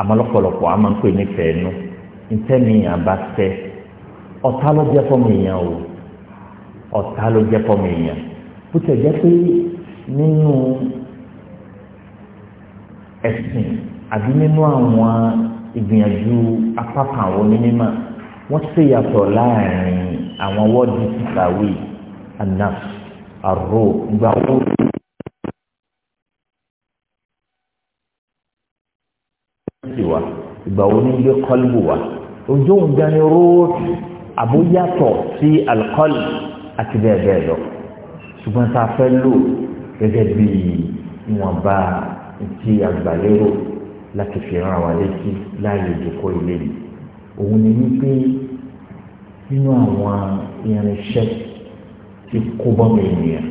àmọ́ lọ́pọ̀lọpọ̀ a máa ń pè ní fẹ̀ẹ́nu ntẹ́niyàn bá fẹ́ ọ̀tá ló jẹ́ fọ́mù èèyàn o ọ̀tá ló jẹ́ fọ́mù èèyàn bó tẹ̀ jẹ́ pé nínú ẹ̀sìn àbí nínú àwọn ìgbìyànjú apákan àwọn onímọ̀ wọ́n ṣèyàtọ̀ láàrin àwọn wọ́ọ̀dì tìkàwé anas aró ìgbà wo ìgbà wo ni gbé kọ́lbù wa ojú òǹjà ni róòtù àbóyàtọ̀ sí alkọ́lì àti bẹ́ẹ̀ bẹ́ẹ̀ lọ ṣùgbọ́n tá a fẹ́ lò gẹ́gẹ́ bí ìwọ̀nba ti àgbàlérò láti fi ràn wá létí láàyè ìdókò ilé yìí òun ni wípé nínú àwọn irinṣẹ́ tí kó bọ́mọ ènìyàn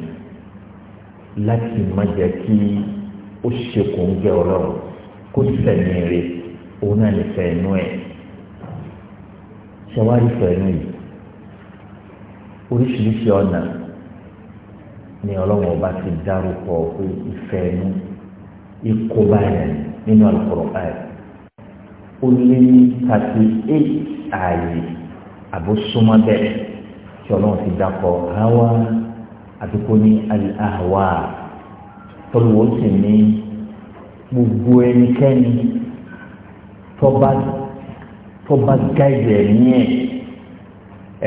láti má jẹ́ kí ó ṣe kò ń jẹ́ ọlọ́run kó sẹ̀mí rèé òun náà lè fẹ́ inú ẹ̀ ṣẹwárí fẹ́ inú yìí oríṣiríṣi ọ̀nà ni ọlọ́run ọba ti dárúkọ pé ìfẹ́ inú ikú báyẹn nínú àlùkòrò báyìí ó lé ní thirty eight ààyè àbósúnmọ́ bẹ́ẹ̀ tí ọlọ́run ti dákọ̀ hawa àdúgbò ní al tọ́lùwọ́ sì ní gbogbo ẹnikẹ́ni tọ́ba tọ́ba gáyẹ̀ ní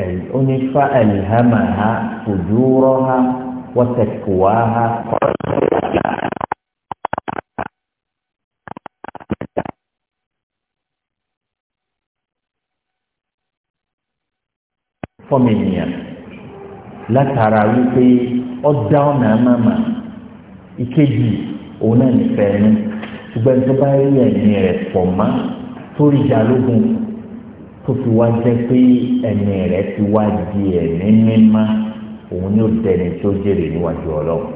ẹ̀ onífà alhamaha fujuraha wa taqwaha. fọmọ ènìyàn látara wípé ọdá ọ̀nà àmàmà ìkejì òun náà nífẹ̀ẹ́ ní ṣùgbọ́n tó bá rí ẹ̀mí rẹ̀ pọ̀ mọ́ torí ìjà lógun tó fi wá jẹ́ pé ẹ̀mí rẹ̀ ti wá di ẹ̀mí mímá òun ni ó dẹni tó jèrè níwájú ọlọ́run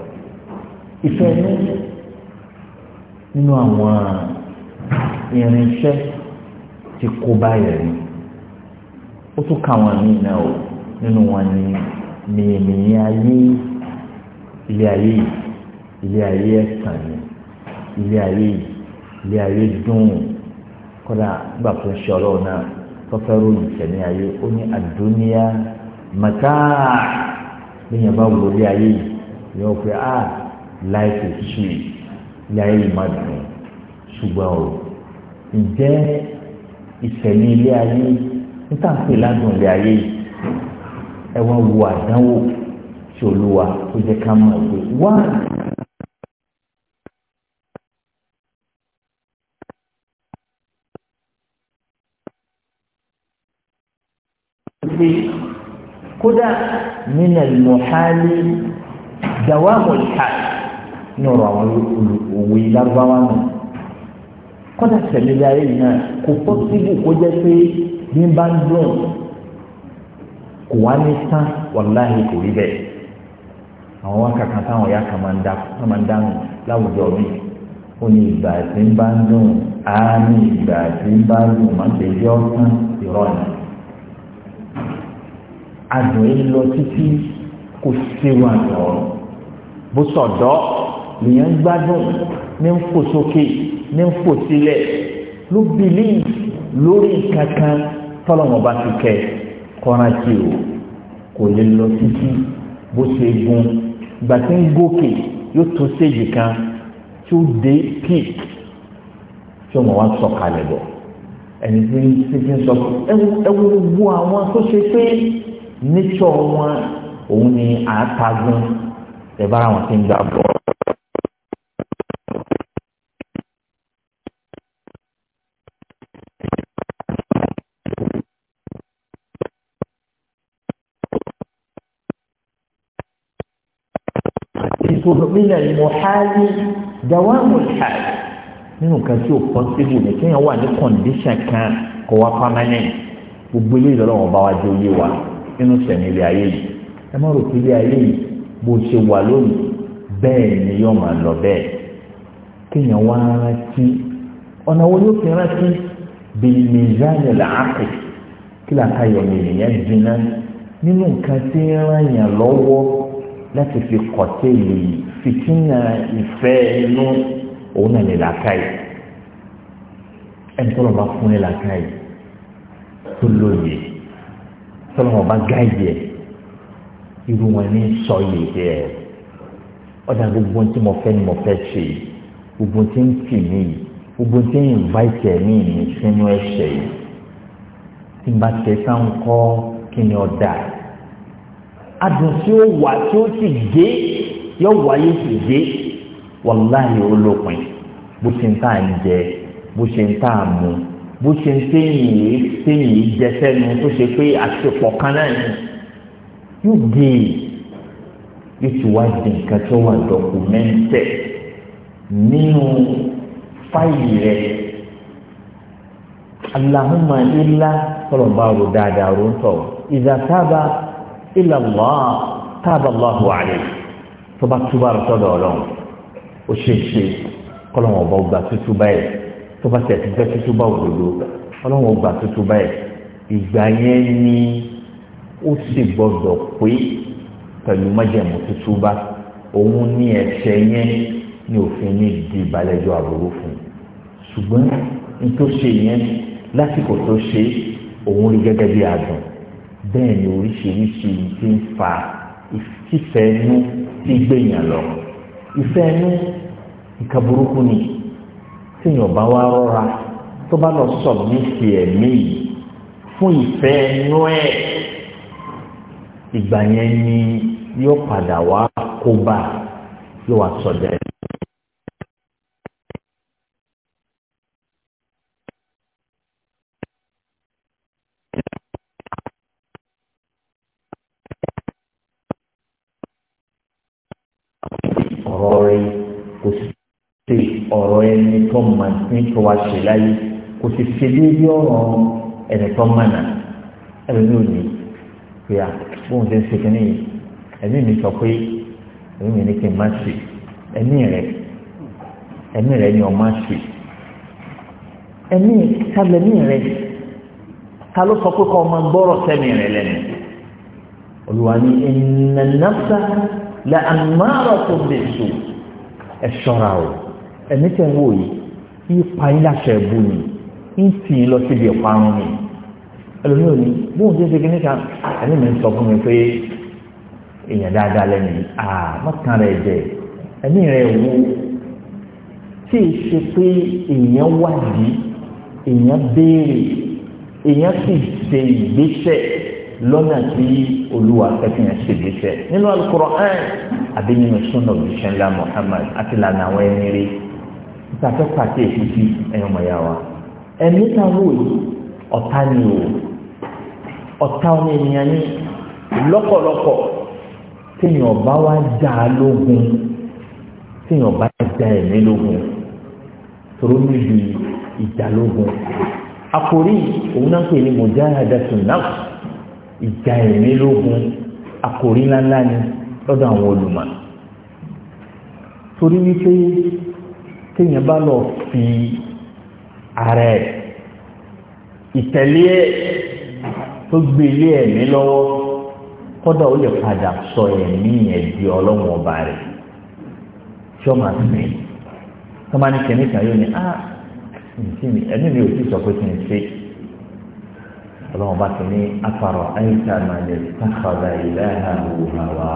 ìfẹ́ ẹ̀mí nínú àwọn irinṣẹ́ ti kó báyìí rí ó tún ka àwọn míì náà o nínú wọn ni mìíràn ayé ilé ayé ilé ayé ẹ̀sán ni ilé ayé ilé ayé dùn ún kódà gbà tó ń ṣe ọlọ́run náà tọ́fẹ́ ròyìn sẹ́ni ayé ó ní àdúnyá màtá lẹ́yìn bá a ah, life is sweet láyé má dùn ṣùgbọ́n o ǹjẹ́ ìsẹ̀mí ilé ayé níta ń pè ládùn ilé ayé yìí ẹ wá wo àdánwò tí olúwa ó ká mọ̀ pé wá pé kódà nínú lọ́hálí dàwámù ìka ní ọ̀rọ̀ àwọn òwe lágbáwá nù kódà tẹ̀lélẹ̀ ayé yìí náà kò pọ́sibú kó jẹ́ pé bí n bá ń dùn kò wá ní tán wàláhì kò rí bẹ́ẹ̀ àwọn wákàtí táwọn ya kà máa ń dáhùn láwùjọ mi ó ní ìgbà tí ń bá ń dùn á ní ìgbà tí ń bá ń dùn máa ń tẹ̀lé ọ̀sán ìrọ̀lẹ́ adùn yìí lọ títí kò séwu àná ọ̀rọ̀ bó sọ̀dọ́ lèèyàn ń gbádùn ní ń fò sókè ní ń fò sílẹ̀ ló bìlí lórí kankan tọ́lọ́mọ̀ bá ti kẹ́ kọ́rántì o kò lè lọ títí bó ṣe gun ìgbà tí ń gòkè yóò tó séjì kan tí ó dé pík tí ó mọ̀ wá sọ̀kalẹ̀ bọ̀ ẹni tí ń sọ ẹwú ẹwú àwọn tó ṣe pé níṣọ́ wọn òun ni àátagun ẹ̀ bára wọn ti ń gbà bọ́. من المحال دوام الحال nínú kan tí o pọ́nsibú ní kéèyàn wà ní kọ́ndíṣàn kan kó wá pámánẹ́ǹtì gbogbo ilé ìdọ́lọ́wọ́ bá wá dé oyé wa nínú sẹ̀mí ilé ayé yìí ẹ má rò pé ilé ayé yìí bó ṣe wà lónìí bẹ́ẹ̀ ni yóò máa lọ bẹ́ẹ̀ kéèyàn wá rántí ọ̀nà wo ló fi rántí bíi mizan làákì kí làákàyọ̀ ènìyàn jiná nínú nǹkan tí ń ràn yàn lọ́wọ́ láti fi kọ̀tẹ́lì fìtínà ìfẹ́ inú òun náà ní làákàyè ẹni tó lọ́ọ́ bá fún ní làákàyè tó lóye tọ́lọ́wọ́n bá gáàyè ẹ̀ irú wọn ní sọ yèyé ẹ̀ ọ̀dà gbogbo tí mo fẹ́ ni mo fẹ́ ṣe gbogbo tí ń tì mí gbogbo tí ń invite ẹ̀ mí ní sínú ẹ̀ṣẹ̀ yìí tí n bá tẹ sáà ń kọ́ kí ni ọ̀dà adùn tí ó wà tí ó sì gé yóò wáyé sì gé wàláhì olópin bó ṣe ń tà ń jẹ bó ṣe ń tà ń mu bó ṣe ń téyìn yìí téyìn yìí jẹsẹ nu tó ṣe pé àṣepọ̀ kan náà ni yóò e. di ìtìwádìí nǹkan tó wà dọkumẹ́ntẹ̀ nínú fáìlì rẹ̀ alahuma ila tọlọmọba ro dáadáa ro ń tọ ìdá tábà ila Allah tábà Allahu alayhi tọba túbà tọdọ Ọlọ́run ó ṣe ṣe kọlọmọba ó gbà tútù báyìí tó bá tẹ̀ fífẹ́ tútú bá òdodo ọlọ́run gbà tútú báyìí ìgbà yẹn ni ó sì gbọdọ̀ pé pẹ̀lú májẹ̀mú tútú bá òun ní ẹ̀ṣẹ̀ yẹn ní òfin ní di ìbálẹ́jọ́ àbúrò fún un ṣùgbọ́n nítòsí yẹn lásìkò tó ṣe òun rí gẹ́gẹ́ bí adùn bẹ́ẹ̀ ni oríṣiríṣi ti ń fa ìfẹ́ inú tí gbẹ̀yìn lọ ìfẹ́ inú nǹkan burúkú ni tíyàn bá wá rọra tó bá lọ sọ mí sí ẹ̀mí yìí fún ìfẹ́ ẹnu ẹ̀ ìgbà yẹn ni yóò padà wá kó bá yóò wá sọdẹ tó mọ̀ ní tó wá ṣe láyé kò sì ṣe déédéé ọ̀rọ̀ ẹni tó mọ̀ náà ẹni ní òní pé à bóun ṣe ń ṣe kínní yìí ẹni mi sọ pé ẹni mi ní kí n má ṣe ẹni rẹ ẹni rẹ ni ọ má ṣe ẹni kálẹ̀ ní rẹ ta ló sọ pé kọ́ ọ gbọ́rọ̀ sẹ́mi rẹ lẹ́nu olùwà ní inna nafsa la ammaratu bis-su ẹ̀ ṣọ́ra o ẹ̀mí tẹ̀ ń wò yìí ipa iláṣẹ ẹ̀bù ni ń tì í lọ síbi ìparun ni ẹlòmíì ò ní bóun ṣe ṣe kí níta ah, ẹni mi ń sọ fún mi pé èèyàn dáadáa lẹ́nu àá mọ́tàn rẹ̀ jẹ ẹ̀mí rẹ̀ wú tí ì ṣe pé èèyàn wádìí èèyàn béèrè èèyàn sì ṣe ìgbésẹ̀ lọ́nà tí olúwa fẹ́fẹ́ yẹn ṣe ìgbésẹ̀ nínú Al-Qur'an àbí nínú sunnah òṣìṣẹ́ Muhammad àti lànà àwọn ẹni rí ìtàfẹ́ pàṣẹ ìṣíṣí ẹ̀yàn mọ̀yá wa ẹ̀mí táwọn òye ọ̀tá ni o ọ̀tá ni ènìyàn ní lọ́pọ̀lọpọ̀ téèyàn bá wá dá a lógun téèyàn bá dá ẹ̀mí lógun tòró níbi ìjà lógun àkòrí òun náà pè ní mujahadatul nafs ìjà ẹ̀mí lógun àkòrí ńláńlá ni lọ́dọ̀ àwọn olùmọ̀ torí wípé kéèyàn bá lọ fi ara ẹ̀ ìtẹ̀lé ẹ̀ tó gbé ilé ẹ̀mí lọ́wọ́ kọ́dà ó lè padà sọ ẹ̀mí yẹn di ọlọ́wọ́n ọba rẹ̀ tí ó máa tẹ̀lé tó máa ní kẹ́mí kan yóò ní á ah, ẹ̀mí mi ò sì sọ pé kí n ṣe ọlọ́wọ́n bá ti ní afárọ̀ àyíká máa lè sáfàdà ìlànà òhàwà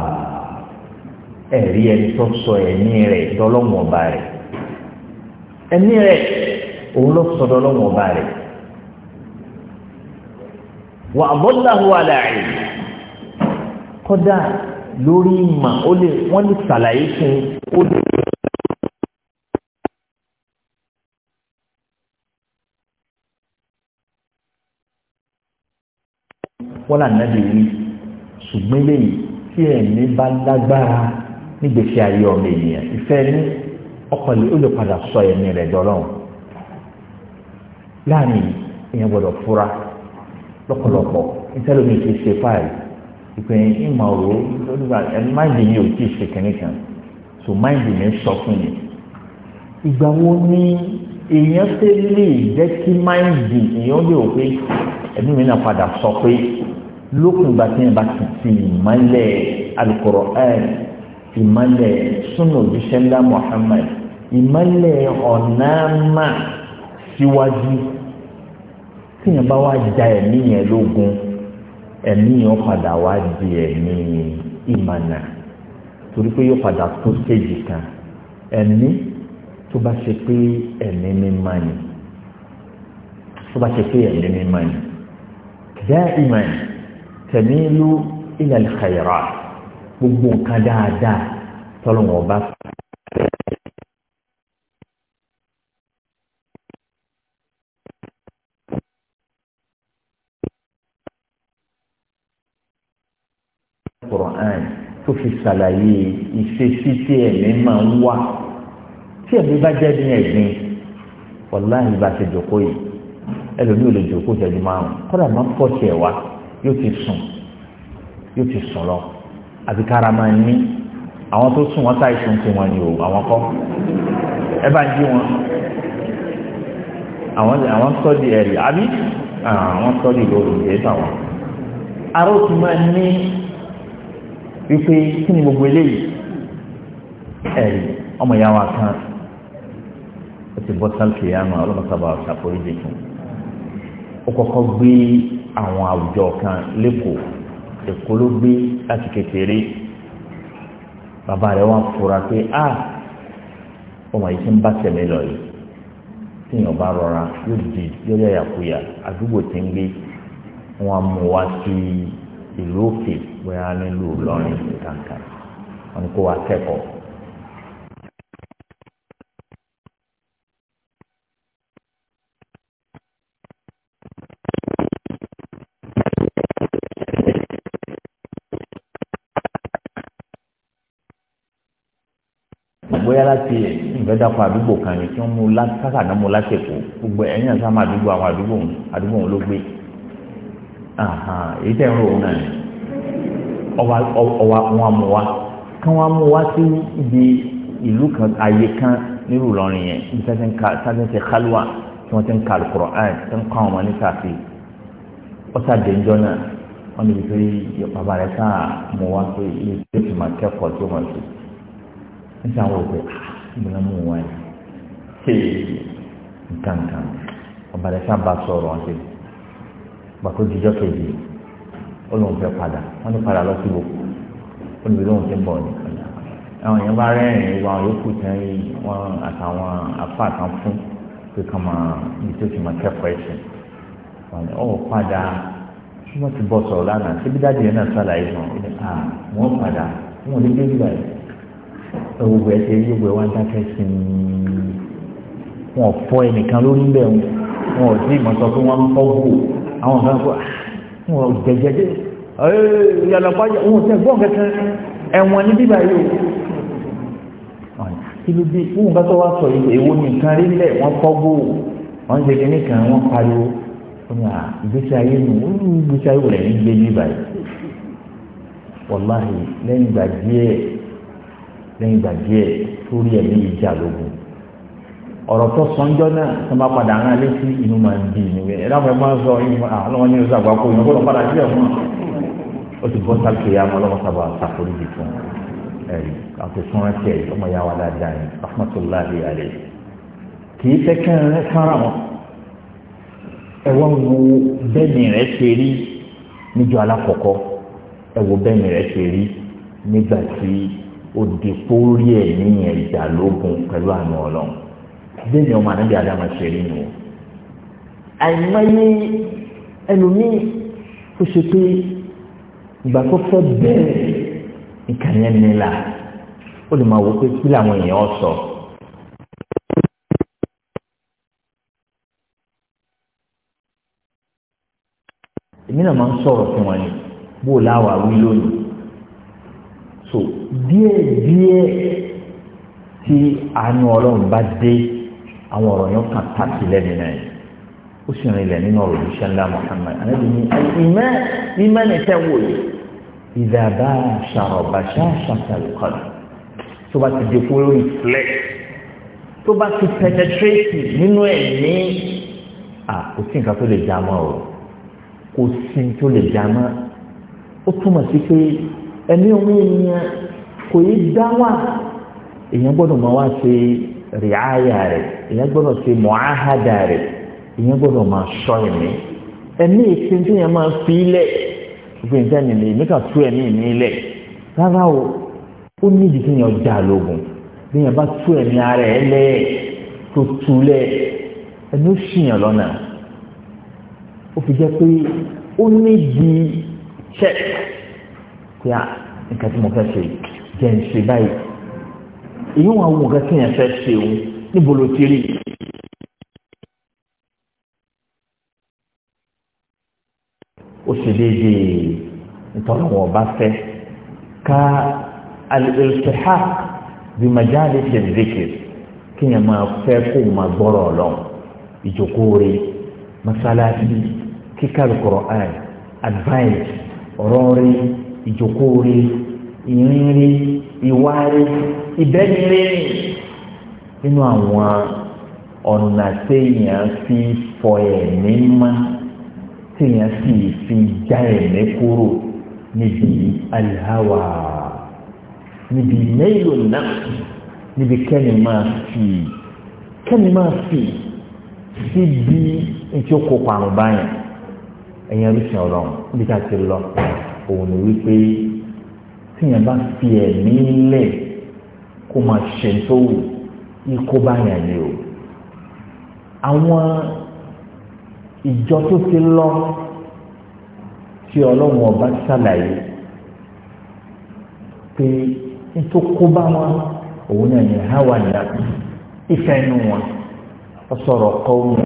ẹ̀rí ẹni tó sọ ẹ̀mí rẹ̀ dọ́lọ́wọ́n ọba rẹ̀ ẹ̀mí rẹ̀ òun ló sọ̀dọ̀ lọ́wọ́ ọba rẹ̀ wà bọ́láhùn aláàrẹ̀ kọ́dà lórí ìmọ̀ ó lè wọ́n lè ṣàlàyé fún ó lè. wọ́n là nàbì rí ṣùgbọ́n eléyìí tí ẹ̀mí bá lágbára nígbèsè ayé ọmọ ènìyàn ìfẹ́ ní ọkọlẹ olùpadà sọ ẹ̀mí rẹ̀ dọlọrun láàrin èèyàn gbọ́dọ̀ fura lọ́pọ̀lọpọ̀ ìtẹlómi ti ṣe fáìlì ìpè ìmọ̀ òru lónìgbà ẹni máìndì mi ò tíì ṣe kìnìún kan so máìndì mi sọ fún mi ìgbà wo ni èèyàn ṣe lè jẹ́ kí máìndì èèyàn lè wò pé ẹ̀mí mi náà padà sọ pé lókun ìgbà tí yẹn bá ti ti ìmọ̀lẹ̀ alukoro ẹ̀ẹ́ ìmọ̀lẹ̀ súnà òjíṣẹ́ ńlá Muhammad ìmọ̀lẹ̀ ọ̀nà mà síwájú tíyẹn bá wá ja ẹ̀mí yẹn lógun ẹ̀mí yẹn padà wá di ẹ̀mí ìmọ̀nà torí pé yóò padà tó séjì kan ẹ̀mí tó bá ṣe pé ẹ̀mí mímọ́ ni tó bá ṣe pé ẹ̀mí mímọ́ ni dáìmọ̀ tẹ̀mí ló ilẹ̀ al-khayrat gbogbo nǹkan dáadáa tọ́lọ́wọ́n bá fún Quran tó fi ṣàlàyé ìṣesí tí ẹ̀mí máa ń wá tí ẹ̀mí bá jẹ́ ní ẹ̀gbin wàláhì bá ṣe jòkó yìí ẹlòmíì ò lè jòkó ìṣẹ́jú márùn-ún kọ́dà máa ń pọ̀ tiẹ̀ wá yóò ti sùn yóò ti sùn lọ àti kára máa ní àwọn tó sùn wọ́n ṣàìsùn tí wọ́n ní o àwọn kọ́ ẹ bá ń jí wọn àwọn àwọn sọ́ọ̀dì ẹ̀rì àbí àwọn sọ́ọ̀dì lórí ìdè táwọn. aró ti máa ní wípé kí ni gbogbo eléyìí ẹ̀rì ọmọ ìyá wa kan ó ti bọ́ sálùkì yá máa ọlọ́mọsábà ṣàforíjì fún un ó kọ́kọ́ gbé àwọn àwùjọ kan lẹ́kọ̀ọ́ èkó ló gbé láti kékeré bàbá rẹ̀ wá fura pé a ọmọ yìí ti ń bá tẹ̀lé lọ yìí tíyàn bá rọra yóò di yóò yà yàkuyà àdúgbò tí ń gbé wọn mú wa sí ìlú òkè bóyá nílùú lọrin kankan wọn kó wa kẹ́kọ̀ọ́. bóyá láti ìgbẹ́dàpọ̀ àdúgbò kan ni kí wọ́n mú kásàdá mú lásìkò gbogbo ẹ̀yìn àti àmọ́ àdúgbò àwọn àdúgbò àdúgbò wọn ló gbé èyí tẹ̀ ń rò náà ọwa wọn mú wa kí wọ́n mú wa sí ibi ìlú kan àyè kan nílùú Ìlọrin yẹn ibi sáfẹ́ ṣe kálíwà tí wọ́n ti ń ka Al-Qur'an tí wọ́n kọ́ àwọn ọmọ níta sí ọ̀sà dèjọ́ náà wọ́n níbi tó yí bàbá rẹ̀ sáà mú wa pé ilé ìgbésùn máa kẹ́kọ̀ọ́ tó wọ́n ti níta wọ pé ìmúná ah, mú wa yìí kéè nǹkan nǹkan ọ̀bàdàn sábà sọ̀rọ̀ ọ̀hún gbàtó jíjọ́ kejì olóhùn fẹ́ padà wọ́n ní padà lọ sí gbogbo olùbí lóhùn fẹ́ bọ̀ ní padà àwọn èèyàn bá rẹ́rìn-ín wa yòókù tán wọn àtàwọn afá kan fún pé kàn máa ibi tó ti máa kẹ́kọ̀ọ́ ẹ̀sìn wọn ọ̀ padà wọ́n ti bọ̀ sọ̀rọ̀ lánàá síbi dájú yẹn náà sọ̀rọ̀ gbogbo ẹ ṣe gbogbo ẹ ń dákẹ́ sí i wọn fọ ẹnìkan lórí bẹ́ẹ̀ wọn ò sí ìmọ̀ pé wọ́n ń fọ́ wò àwọn kan kó wọn jẹjẹjẹ ẹ yàrá pàjẹ wọn ò sẹ gbọ́n kankan ẹ̀wọ̀n ní bíbá yìí o kí wọn bá tó wá sọ yìí èwo nìkan rí lẹ̀ wọ́n fọ́ wò wọ́n ṣe kíní wọ́n pariwo wọn yà ah, ìgbésí ayé nù ó ní ìgbésí ayé wò lẹ́yìn gbé bíbá yìí wàláhì lẹ́yìn ìgbà díẹ̀ lẹ́yìn ìgbà díẹ̀ sórí ẹ̀mí ìjà lógun ọ̀rọ̀ tó sọ́njọ́ náà tó bá padà rán létí inú máa ń di ìnìwé ẹ̀dá fún ẹ máa ń sọ ọlọ́wọ́n ní ìṣàgbà kó ìyẹn gbọ́dọ̀ padà sílẹ̀ fún ọ ti bọ́ sálùkì ya ọmọ ọlọ́wọ́ sábà ṣàforíjì fún ẹ̀rí àti súnra tiẹ̀ ọmọ ya wa dáadáa ní rahmatulahi alẹ́ kì í tẹ́kẹ́ rẹ òdì pórí ẹ̀mí ẹ̀jà lógun pẹ̀lú àmì ọlọ́run bẹ́ẹ̀ ni ọmọ anábìá dáhùn ṣe rí nù. àìmọye ẹlòmíì tó ṣe pé ìgbà tó fẹ́ bẹ́ẹ̀ ìkànnì ẹni là ó lè máa wọ pé kí làwọn èèyàn sọ. èmi náà máa ń sọ̀rọ̀ fún wọn ni bó o láwàá wí lónìí so díẹ̀ díẹ̀ tí àánú ọlọ́run bá dé àwọn ọ̀rọ̀ yẹn kàn tàbí lẹ́nu náà yìí ó sì rìn ilẹ̀ nínú ọ̀rọ̀ ìṣẹ́ ńlá Muhammad anábì ní ìmẹ́ ìmẹ́ ní tẹ́ wò yìí ìdàbà ṣàrọ̀bà ṣáṣàṣà lùkọ́lù tó bá ti di kúrò ìflẹ̀ tó bá ti pẹnẹtírẹ́tì nínú ẹ̀mí à kò sí nǹkan tó lè já o kò sí tó lè já mọ́ ó túmọ̀ sí pé ẹ̀mí ọmọ ènìyàn kò yí dá wà èèyàn gbọ́dọ̀ máa wá ṣe rìáyà rẹ̀ èèyàn gbọ́dọ̀ ṣe mọ̀áhádà rẹ̀ èèyàn gbọ́dọ̀ máa ṣọ́ ẹ̀mí ẹ̀mí èsì tí èèyàn máa fi lẹ, gbogbo ìjà nìyí níkà tú ẹ̀mí mi lẹ̀ rárá o ó ní ìdí kéèyàn já lógun bí èèyàn bá tú ara ẹ̀ lẹ̀ tó tú lẹ̀ ẹ̀mí ó ṣìyàn lọ́nà ó fi jẹ́ pé ó ní pé a ah, nǹkan tí mo fẹ́ ṣe jẹ́ ń ṣe báyìí èyí wọn àwọn nǹkan tí yẹn fẹ́ ṣe o níbo ló ti rí ó ṣe déédéé nítorí wọn bá fẹ́ ká al-iltihaq bí majali ṣe zikir kí yẹn máa fẹ́ kó máa gbọ́rọ̀ lọ masalasi kíkà lukọrọ advice ọ̀rọ̀ ìjòkó rí ìrìn rí ìwá rí ìbẹ́ni rí nínú àwọn ọ̀nà téèyàn fi fọ ẹ̀mí mọ́ téèyàn sì fi já ẹ̀mí kúrò níbi alihawa níbi mẹ́lò náà níbi kẹ́ni máa fi kẹ́ni máa fi síbi ìjókòó pàrọ̀ báyìí ẹ̀yìn ẹ̀rú sìn ọ̀rọ̀ níbi ká ti lọ. òun wípé tíyẹn bá fi ẹ̀mí lẹ̀ kó máa ṣe tó wù ikú bá yàn ni o àwọn ìjọ tó ti lọ tí ọlọ́run ọba ṣàlàyé pé nítorí kó bá wọn òun náà ní hawa nà ìfẹ́ nu wọn ọsọ̀rọ̀ kọ́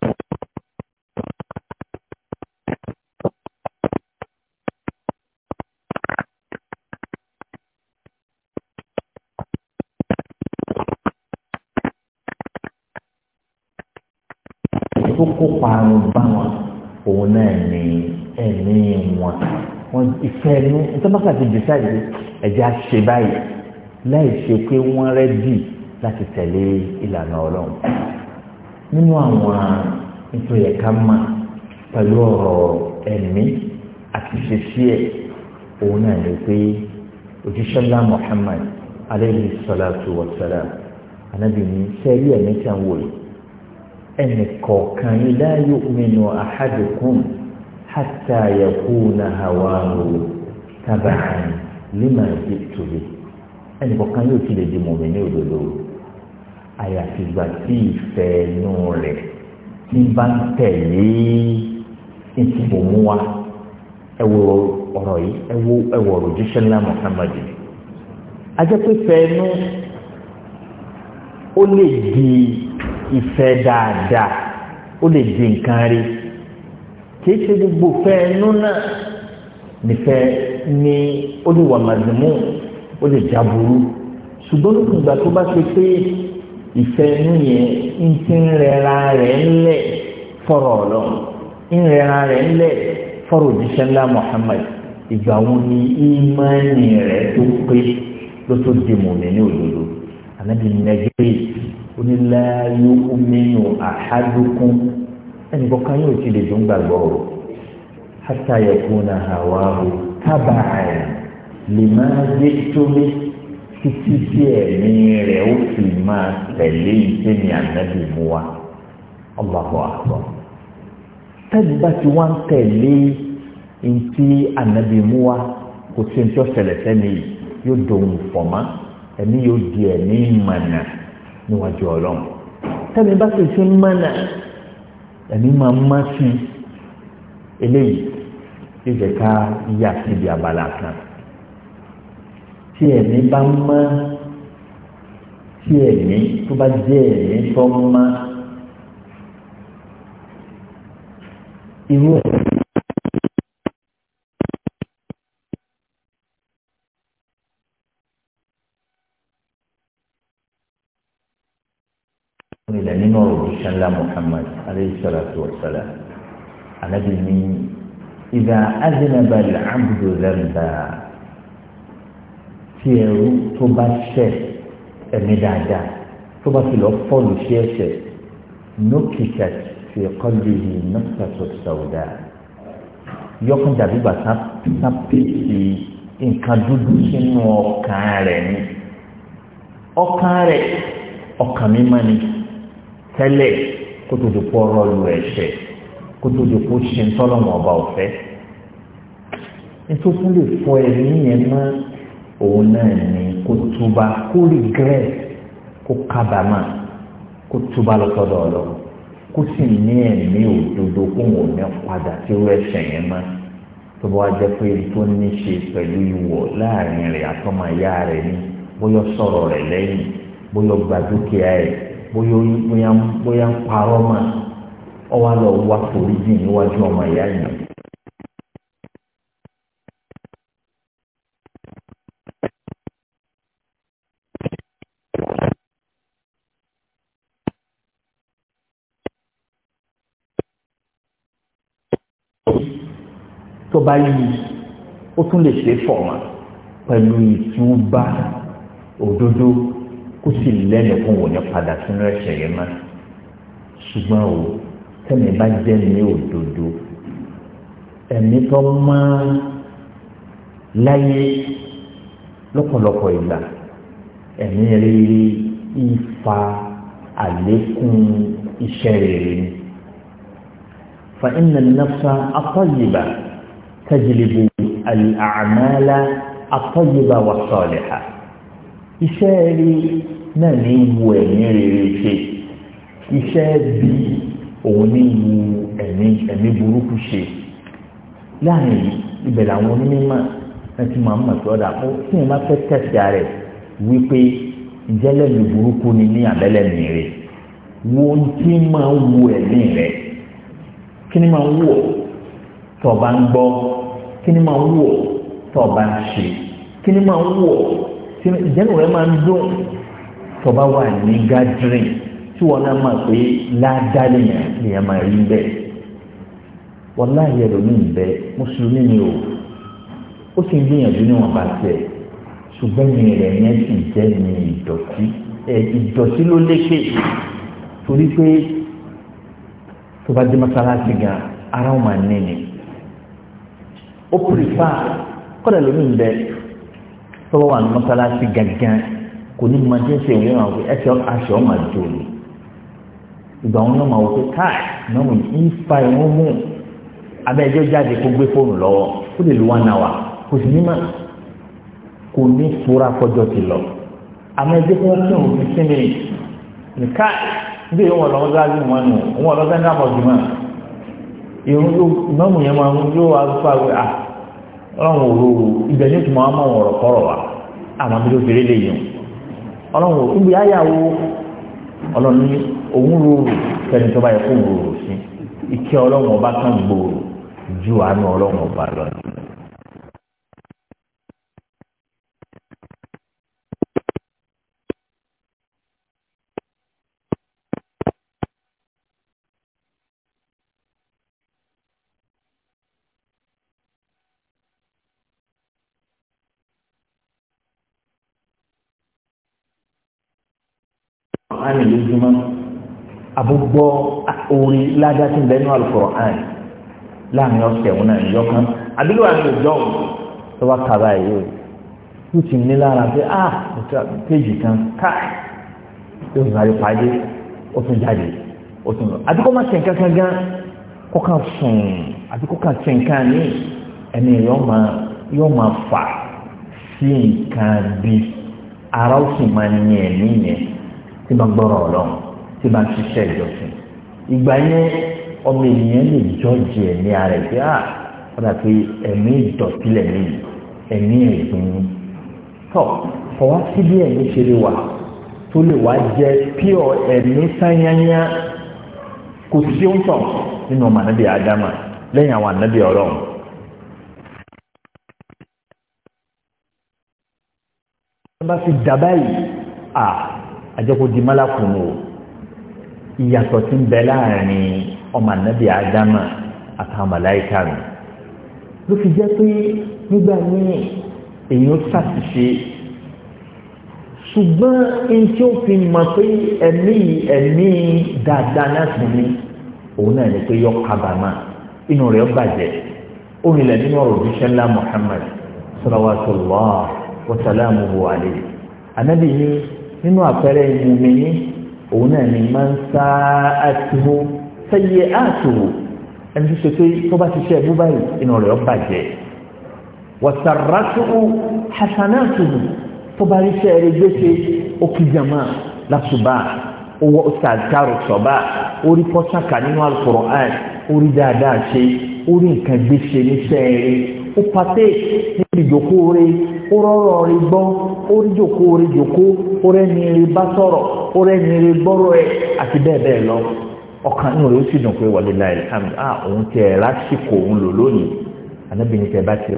tó kó parun bá wọn òun náà ní ẹ̀mí wọn wọn ìfẹ́ ní ìtọ́bàkà ti dì sáyé ẹ̀jẹ̀ àṣẹ báyìí láì ṣe pé wọ́n rẹ́dì láti tẹ̀lé ìlànà ọlọ́run nínú àwọn nítorí ẹ̀ka máa pẹ̀lú ọ̀rọ̀ ẹ̀mí àti ṣíṣí ẹ̀ òun náà lè pé òjíṣẹ́ ńlá Muhammad alayhi salatu wa salam anábìíní sẹ́ẹ̀lì ẹ̀mí tí a ń wò yìí ẹnì kọ̀ọ̀kan yìí la yu'minu ahadukum hatta yakuna hawahu lima ji'tu bihi ẹnì yóò ti lè di mùmínì òdodo àyàfi ìgbà tí ìfẹ́ inú rẹ̀ ní bá ń tẹ̀lé ìtì òmù wa ẹ wo ọ̀rọ̀ yìí ẹ wo ńlá ajẹ́pẹ́fẹ́ inú ó lè ìfẹ́ dáadáa ó lè di nǹkan rí kì í ṣe gbogbo fẹ́ ẹnu náà nìfẹ́ ní ó lè wà màdìmú ó lè jáburú ṣùgbọ́n lókun ìgbà tó bá ṣe pé ìfẹ́ inú yẹn ń ti ń rẹra rẹ̀ ńlẹ̀ fọ̀rọ̀ ọ̀lọ́ ń rẹra rẹ̀ ńlẹ̀ fọ̀rọ̀ òjíṣẹ́ ńlá Muhammad ìgbà wo ni ìmánì rẹ̀ tó pé ló tó di mòmí ní òdodo ànábi nàìjíríà oníláyò omíyàn àhádókún ẹnì kọ̀ọ̀kan yóò ti lè dùn gbàgbọ́ o hátà yẹ̀kún náà hàwá o tábà ẹ̀ lè máa dé tóbi títí tí ẹ̀mí rẹ̀ ó fi máa tẹ̀lé ìṣẹ́ni ànábì mú wa Allahu akbar tẹ́lẹ̀ bá ti wá ń tẹ̀lé ntí ànábì mú wa kò sí ní tí ó yóò dòun fọ̀mọ́ ẹ̀mí yóò di ẹ̀mí mọ̀nà níwájú ọlọ́run tẹ́mi bá sì ṣe ń mọ̀nà ẹ̀mí máa ń má sí eléyìí yóò jẹ́ ká yà síbi abala kan tí ẹ̀mí bá mọ́ tí ẹ̀mí tó bá jẹ́ ẹ̀mí tó mọ́ irú ẹ̀mí. عليه الصلاة والسلام النبي من إذا أذنب العبد ذنبا tí ẹrú tó bá ṣẹ̀ ẹ̀mí dáadáa tó bá fi lọ fọlù sí ẹ̀ṣẹ̀ nókìtà fi kọlu yìí nókìtà tó sàwùdà yọkùn dàbí bàtà sápẹ́sì nǹkan dúdú sínú ọkàn rẹ̀ ni ọkàn rẹ̀ ọkàn mímọ́ ni tẹ́lẹ̀ kó tó di pọ́ rọ́ọ̀lù ẹ̀ṣẹ̀ kó tó di pọ́ ṣe ń tọ́lọ́mọ ọba ọ̀fẹ́ nítorí fún lè fọ ẹ̀mí yẹn mọ́ òun náà ni kó túba kó regret kó kábàámà kó túba lọ́sọ̀dọ̀ ọ̀lọ́ kó sì ní ẹ̀mí òdodo kó wọn ní padà sí irú ẹ̀ṣẹ̀ yẹn mọ́ tó bá wá jẹ́ pé tó ní ṣe pẹ̀lú ìwọ̀ láàrin rẹ̀ àtọ́mọ̀ ìyá rẹ̀ ni bóyá sọ̀rọ̀ rẹ̀ lẹ́yìn bóyá gba ẹ̀ bóyá bóyá ń parọ́ mà ọ wá lọ wá foríjì níwájú ọmọ ìyá yìí. tó bá yí ó tún lè ṣe fọ̀ wọn pẹ̀lú ìtúbà òdodo kó sì lẹ́nu fún wọn ní padà sínú ẹ̀ṣẹ̀ yẹn má ṣùgbọ́n o tẹ́lẹ̀ bá jẹ́ ní òdodo ẹ̀mí tó máa láyé lọ́pọ̀lọpọ̀ ìgbà ẹ̀mí rí ìfà àlékún iṣẹ́ rere ni fa inna an-nafsa at-tayyiba tajlibu al-a'mala at iṣẹ́ rí náà ní wu ẹ̀mí rere ṣe iṣẹ́ bí òun ní wu ẹ̀mí ẹ̀mí burúkú ṣe láàrin ibẹ̀ làwọn onímọ̀ náà ti máa ń mọ̀ sí ọ̀dà kó tí wọ́n bá fẹ́ tẹ̀sí rẹ̀ wípé ìjẹ́lẹ̀mí burúkú ni ní àbẹ́lẹ̀mí rẹ̀ wo wu ẹ̀mí rẹ̀ kí ni tí ìjẹ́nu rẹ̀ máa ń dùn tó bá wà ní gádírìn tí wọ́n náà máa pé ládàlẹ̀ yẹn ni ẹ máa rí bẹ́ẹ̀ wọ́n láàyè ẹlòmíì bẹ́ mùsùlùmí ni o ó sì ń gbìyànjú níwọ̀n bá tẹ̀ ṣùgbọ́n ìrìn rẹ̀ yẹn sì jẹ́ ní ìdọ̀tí ìdọ̀tí ló lékè torí pé tó bá dé mọ́sálásí gan ara wọn máa ní ni ó pèfà kọ́dà lómi bẹ́ẹ̀ tọ́wọ́ wà ní mọ́sálásí gángan kò ní mọ tí ń ṣe ìwé wọn pé ẹsẹ̀ aṣọ ọmọ àjò rẹ̀ ìgbà wọn náà máa wọ pé káì náà mo ń fa ìwọ́n mú abẹ́jọ́ jáde kó gbé fóònù lọ́wọ́ ó lè lu one hour kò sì ní mà kò ní fura kọjọ ti lọ àmọ́ ẹgbẹ́ tí wọ́n tún òfin sí mi nìka bí ìwọ̀n lọ́wọ́ sáájú wọn nù ìwọ̀n lọ́sẹ̀ ń dàbọ̀ jù mọ́ ìwọ̀n yóò ọlọ́run òru ibẹ̀ ní ìtumọ̀ ọmọ ọ̀rọ̀ kọ́rọ̀ wa àwọn abúlé òfin lè yẹn ọlọ́run òru ibi ayáwo ọlọ́run ní òun rúurú fẹ́ni tó bá yẹ kó rúurú sí ike alukur'ani lójúmọ́ àbúgbọ́ orin ládàtí bẹ́ẹ̀ nù alukur'ani láàrin ọ̀sẹ̀ òun náà yọ kan àdúgbò àti òjò tó bá kàrà yìí o tó ti ní lára pé ah, a péjì kan ká yóò fi máa pàdé ó tún jáde ó tún lọ àdúgbò má sẹ̀ǹkà kan gan kó kàn sùn àti kó kàn sẹ̀ǹkà ní ẹni yóò máa yóò máa fà sí nǹkan bí ara ó sì máa ń tí ma gbọ́rọ̀ ọlọ́run tí ma ṣiṣẹ́ ìjọsìn ìgbà yẹn ọmọ ènìyàn lè jọ́ọ̀jì ẹ̀mí ara ẹ̀ pé à ah, padà pé ẹ̀mí ìdọ̀tílẹ̀ mi ẹ̀mí ẹ̀gbìn mi tọ́ fọwọ́ sí bí ẹ̀mí ṣe lè wà tó lè wá jẹ́ píọ̀ ẹ̀mí sányányá kò sí ó ń tàn nínú ọmọ ànábì ádámà lẹ́yìn àwọn ànábì ọlọ́run bá fi dà báyìí àjẹkù di mọ́làkù nù o ìyàtọ̀ tí ń bẹ láàrin ọmọ ànábì ádámà àtàwọn màláìka mi ló fi jẹ́ pé nígbà míì èèyàn ṣàṣìṣe ṣùgbọ́n ẹni tí ó fi mọ̀ pé ẹ̀mí ẹ̀mí dáadáa náà sì ni òun náà ni pé yọ kábàámà inú rẹ̀ bàjẹ́ ó nílẹ̀ nínú ọ̀rọ̀ òjíṣẹ́ ńlá Muhammad sallallahu wa sallamu alayhi anabi ni nínú àpẹẹrẹ ìmùmíní òun náà ni máa ń sá àtúwò sẹ́yẹ àtúwò ẹni tó ṣe pé tó bá ti ṣe ẹ̀bú báyìí inú rẹ̀ ó bàjẹ́ wàtàràtúwò hasanatuhu tó bá rí iṣẹ́ rẹ̀ gbèsè òkìjàmá lásùbà owó ṣàtàrò sọ̀bà orí pọ́ṣákà nínú Al-Qur'an orí dáadáa ṣe orí nǹkan gbèsè níṣẹ́ rẹ̀ ó pàtẹ́ níbi ìjòkó orí ó rọ́rọ̀ orí gbọ́ ó jòkó orí jòkó bá sọ̀rọ̀ gbọ́rọ̀ àti bẹ́ẹ̀ bẹ́ẹ̀ lọ ọkàn sì dùn pé láì ah, òun lásìkò òun lò lónìí bá ti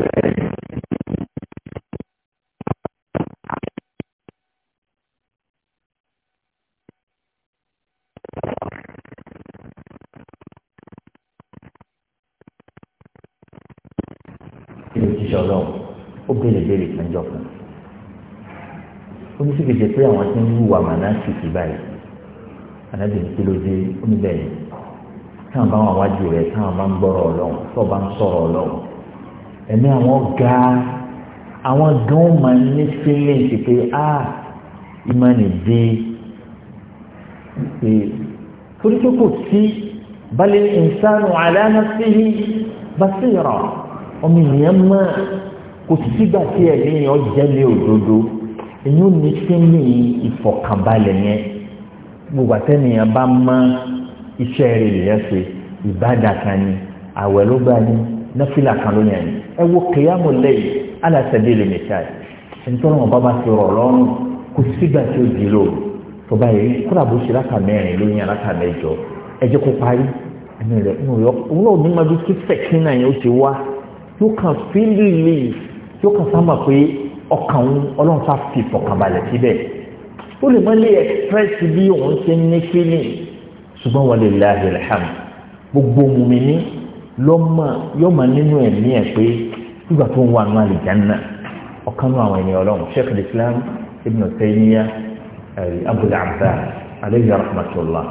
ó béèrè béèrè kan jọ fún un ó ní síbi jẹ́ pé àwọn tí ń wúwa màná sì kì báyìí anábìrin kí ló dé ó ní bẹ́ẹ̀ ni táwọn bá wà wájú rẹ̀ táwọn bá ń gbọ́rọ̀ ọlọ́run tó bá ń sọ̀rọ̀ ọlọ́run ẹ̀mí àwọn ga àwọn gan máa ń ní fílẹ̀ǹsì pé a ah, ìmánì dé pé torí tó kò sí balẹ̀ ìsánù ala nafsihi basira ọmọ ènìyàn máa kò sígbà tí ẹ̀mí yẹn jẹ́lé òdodo èyí ò ní sí ní ìfọ̀kànbalẹ̀ yẹn gbogbo àtẹnìyàn bá mọ iṣẹ́ rẹ̀ yẹn ṣe ìbádà kan ni àwẹ̀ ló gbà ní nọ́fìlà kan ló yàn ní ẹ wo kìyàmù lẹ́yìn alásẹ̀dé lè mẹ́ta ẹ̀ nítorí wọn bá bá ti rọ̀ lọ́rùn kò sígbà tí ó di lò tó bá yẹ kúrò àbó ṣe láta mẹ́rin ló yàn láta mẹ́jọ ẹ kó parí ẹni rẹ̀ ń yọ òun náà ní ma bí kí fẹ̀kínà yẹn ó ti wá yóò kàn fílì lè yóò kàn sáà mọ̀ pé ọkàn òun ọlọ́run sá fi fọkànbalẹ̀ síbẹ̀ ó lè má lè express bí òun ṣe ń ní feeling ṣùgbọ́n wa lillahi alhamd gbogbo mùmíní lọ́mọ yọ́mọ nínú ẹ̀mí ẹ̀ pé nígbà tó ń wà nù àlìjánná ọ̀kan nù àwọn ènìyàn ọlọ́run sheikh islam ibn taymiya eh, abul abbas alayhi rahmatullah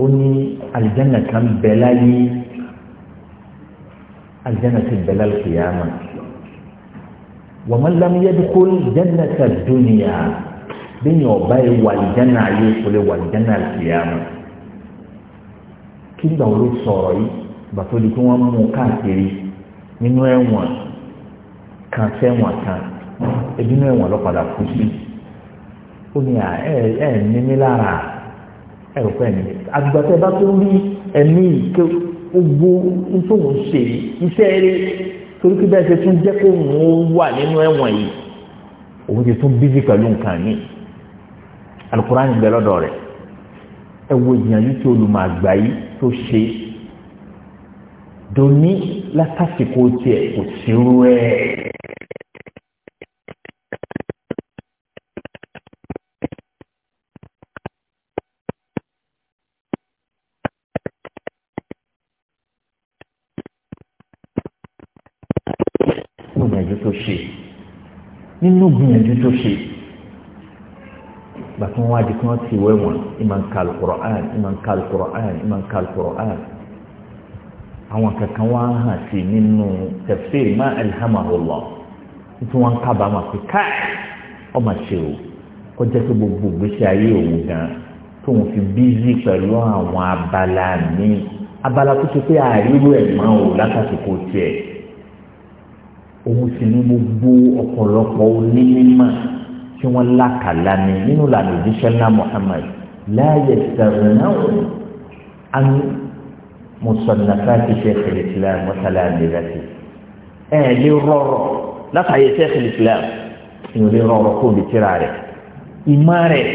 ó ní àlìjánná kan bẹ̀ láyé àlìjánná ti bẹ̀ lálùkìyàmà wọ́n lam yadkhul jannata dunya bẹ́ẹ̀ni ọba yẹ wàlìjánà ayé kúlẹ̀ wàlìjánà àlùfíàmù kí gbà wọlé sọ̀rọ̀ yìí bàtò di kí wọ́n mú káàkiri nínú ẹ̀wọ̀n kan sẹ́wọ̀n kan ebi nínú ẹ̀wọ̀n lọ́padà kú sí ó ní à ẹ ẹ ní lára ẹ ò fẹ́ mi àgbàtẹ́ bá tó rí ẹ̀mí kí gbogbo nítorí ṣe iṣẹ́ rẹ̀ torí pé bẹ́ẹ̀ ṣe tún jẹ́ kó òun wà nínú ẹ̀wọ̀n yìí òun ti tún bízí pẹ̀lú nǹkan mi alukurani ń bẹ lọ́dọ̀ rẹ̀ ẹ wo ìyànjú tí olùmọ̀gbà yìí tó ṣe doni látàsìkò tiẹ̀ kò sírú ẹ̀ nínú gbìyànjú tó ṣe gbàtí wọn adi kí wọn ti wẹ wọn ìmọ̀ nǹka alukur'an ìmọ̀ nǹka alukur'an ìmọ̀ nǹka alukur'an àwọn kankan wọn hàn sí nínú tafsir má alhamahullah tí wọn kábàámà pé káì ọmọ ṣe o kọjá tó gbogbo gbèsè ayé òun gan tóun fi bízí pẹ̀lú àwọn abala míì abala tó ṣe pé àìríwò ẹ̀ máa wò látàkùkọ tiẹ̀ òun sì ní gbogbo ọ̀pọ̀lọpọ̀ onímọ̀ tí wọ́n lákàlá ni nínú ìlànà òjíṣẹ́ ńlá Muhammad láàyè sàrìnàwó an musannafati sheikh al-islam mọ́sálà àdìrẹ́tì ẹ̀ lè rọrọ̀ látàyè sheikh al-islam ìyẹn lè rọrọ̀ kó o lè tira rẹ̀ ìmọ̀ rẹ̀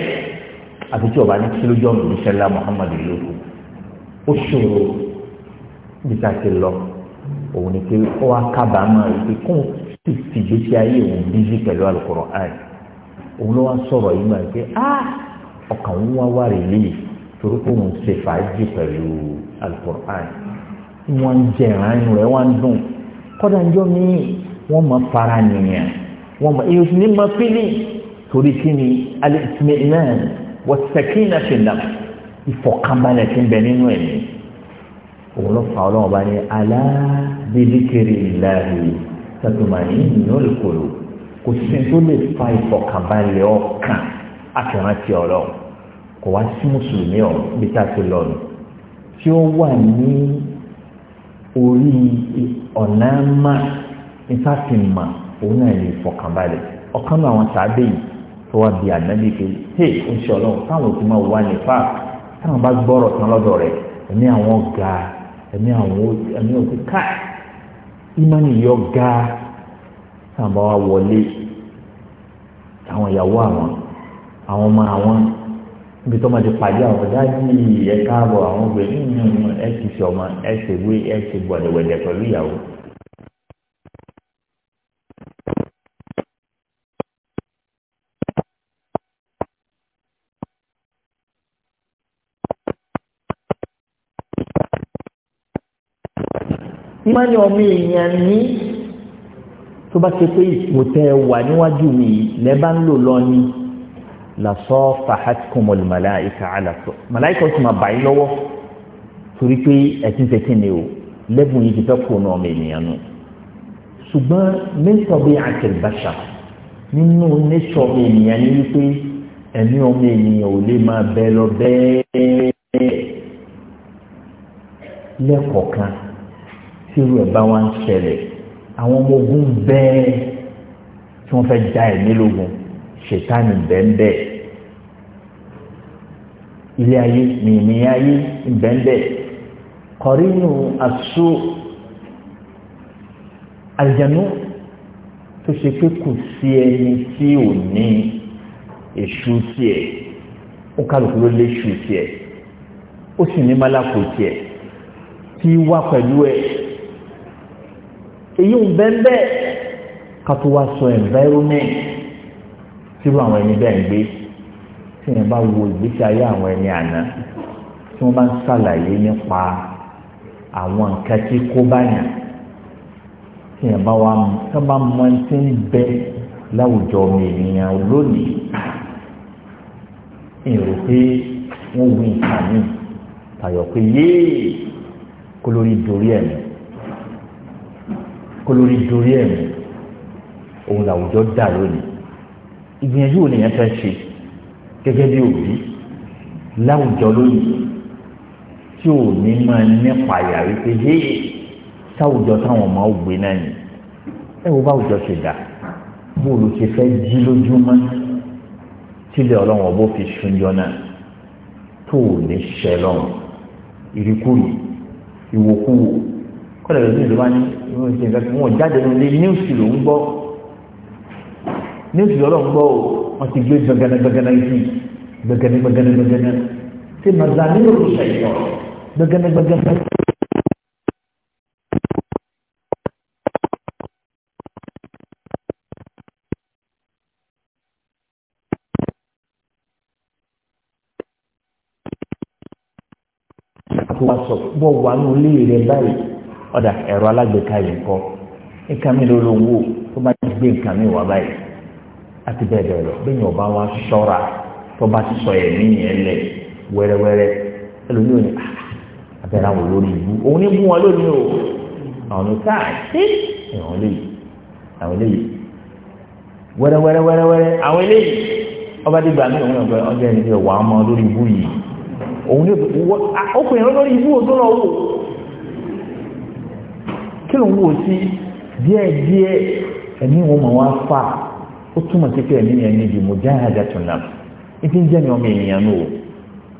àti bá ní kílójọ́ọ̀mù òjíṣẹ́ ńlá Muhammad lóko ó ṣòro bí ká ti lọ òun ni pé ó wá kábàámọ̀ ìpè kóun sì fi gbèsè ayé òun bízí pẹ̀lú Al-Qur'an òun ló wá sọ̀rọ̀ yìí máa pé ah ọkàn òun wá wá rè léyìí torí pé òun ṣe fàájì pẹ̀lú Al-Qur'an wọ́n ń jẹ ìrànú rẹ̀ wọ́n ń dùn kọ́dà ńjọ́ mi wọ́n máa fara nìyẹn wọ́n máa èyí ní máa pélé torí kí ni al-itmi'nan was-sakina fi an-nafs ìfọ̀kànbalẹ̀ ti ń bẹ nínú ẹ̀mí òun ló fà ọlọ́run bá ní alá bíbíkirillahi tatma'innul qulub kò sí tó lè fa ìfọ̀kànbalẹ̀ ọkàn àtìrántí ọ̀rọ̀ kò wá sí mùsùlùmí ọ̀ bí tá a ti lọ nù tí ó wà ní orí ọ̀nà má ìfàfihàn òun náà lè fọ̀kànbalẹ̀ ọ̀kan náà àwọn sàábẹ̀ yìí tó wá bí ànábì pé hey ó ṣe ọlọ́run táwọn òtún máa wà ní fáà táwọn bá gbọ́rọ̀ tán lọ́dọ̀ rẹ̀ ẹ̀mí àwọn ga ẹ̀mí àwọn ẹ̀mí òtún káà ìmánì yọ ga sàǹbá wa wọlé àwọn ìyàwó àwọn àwọn ọmọ àwọn ibi tó máa ti pàdé àwọn dájú ẹ̀ka àbọ̀ àwọn obìnrin ẹ̀ ti ṣe ọmọ ẹ̀ ṣe wé ẹ̀ ṣe gbọ̀dẹ̀wẹ̀dẹ̀ pẹ̀lú ìyàwó. ìmánì ọmọ èèyàn ní tó bá ṣe pé ipò tẹ wà níwájú mi lẹ́ bá ń lò lọ ni làṣọ fàhátìkùmọ̀lù màláìka àlàtọ̀ màláìka ó sì máa bà yín lọ́wọ́ torí pé ẹ̀sìn ṣe kí ni o lẹ́bùn yìí ti fẹ́ kó ọmọ ènìyàn nù ṣùgbọ́n mẹ́tọ̀ bí àtẹ̀bàṣà nínú nẹ́tọ̀ ènìyàn ní wípé ẹ̀mí ọmọ ènìyàn ò lè máa bẹ lọ bẹ́ẹ̀ lẹ́kọ̀ọ̀kan tíru ẹ̀ bá wọn ṣẹlẹ̀ àwọn ọmọ ogun bẹ́ẹ̀ tí wọ́n fẹ́ já ẹ̀mí lógun ṣètánì bẹ́ẹ̀ ilé ayé mìíní ayé bẹ́ẹ̀ kọ́rínù àṣù àlùjànnú tó ṣe pé kò sí ẹni tí ò ní èṣù tiẹ̀ ó kálukú ló lé èṣù tiẹ̀ ó sì ní málákò tiẹ̀ tí wá pẹ̀lú ẹ̀ èyí ń bẹ́ẹ̀ bẹ́ẹ̀ ká wá sọ environment sírú àwọn ẹni bẹ́ẹ̀ ń gbé tí yẹn bá wo ìgbésí ayé àwọn ẹni àná tí wọ́n bá ń ṣàlàyé nípa àwọn nǹkan tí kó báyà tí yẹn bá wà tí wọ́n bá mọ tí ń bẹ láwùjọ mi ènìyàn lónìí èrò pé wọ́n wí nǹkan mi tàyọ̀ pé yéé kó lórí dorí ẹ̀mí kó lórí dorí ẹ̀mí òun làwùjọ dà lónìí ìgbìyànjú òní yẹn fẹ́ ṣe gẹ́gẹ́ bí òbí láwùjọ lónìí tí ò ní máa nípa àyà wípé hé sáwùjọ táwọn ọmọ ògbé náà ni ẹ wo báwùjọ ṣe dà bóòlù ṣe fẹ́ jí lójúmọ́ tílẹ̀ ọlọ́run ọ̀bọ fi ṣúnjọ náà tó ò ní ṣẹlọ́run ìrìkúrì ìwòkúwò kọ́lẹ̀ lómi ìlú wa ní ìwé ìṣe nǹkan tí wọ́n jáde nílé níwùsì ló ń gbọ́ níwùsì lọ́rọ̀ ń gbọ́ o wọ́n ti gbé gbẹgẹnẹ gbẹgẹnẹ yìí gbẹgẹnẹ gbẹgẹnẹ gbẹgẹnẹ ṣé màzà nínú ìṣe ìṣọ gbẹgẹnẹ gbẹgẹnẹ. wọ́n wà nínú ilé rẹ̀ báyìí ọ̀dà ẹ̀rọ alágbèéká yìí kọ́ nǹkan mi ló ló ń wò tó bá gbé nǹkan mi wà báyìí láti bẹ́ẹ̀ bẹ́ẹ̀ lọ bẹ́ẹ̀ yẹn ọba wa ṣọ́ra tó bá ti sọ ẹ̀mí yẹn lẹ̀ wẹ́rẹ́wẹ́rẹ́ ẹlòmíì ò ní ah, abẹ́rẹ́ àwọn olórí ìbú òun ní mú wọn lónìí o àwọn ní ká ṣe ẹ̀wọ̀n léyìí àwọn léyìí wẹ́rẹ́wẹ́rẹ́wẹ́rẹ́ àwọn léyìí ọba dìgbà mi òun náà ọjọ́ ẹni tí wàá mọ lórí ìbú yìí òun ní ọkùnrin lórí ìbú òun tó lọ kí ló ń wò sí díẹ̀ díẹ̀ ẹ̀mí wọn máa wá fà ó túmọ̀ sí pé ẹ̀mí yẹn níbi mujahada tó nà ìdí ń jẹ́ ni ọmọ ènìyàn nù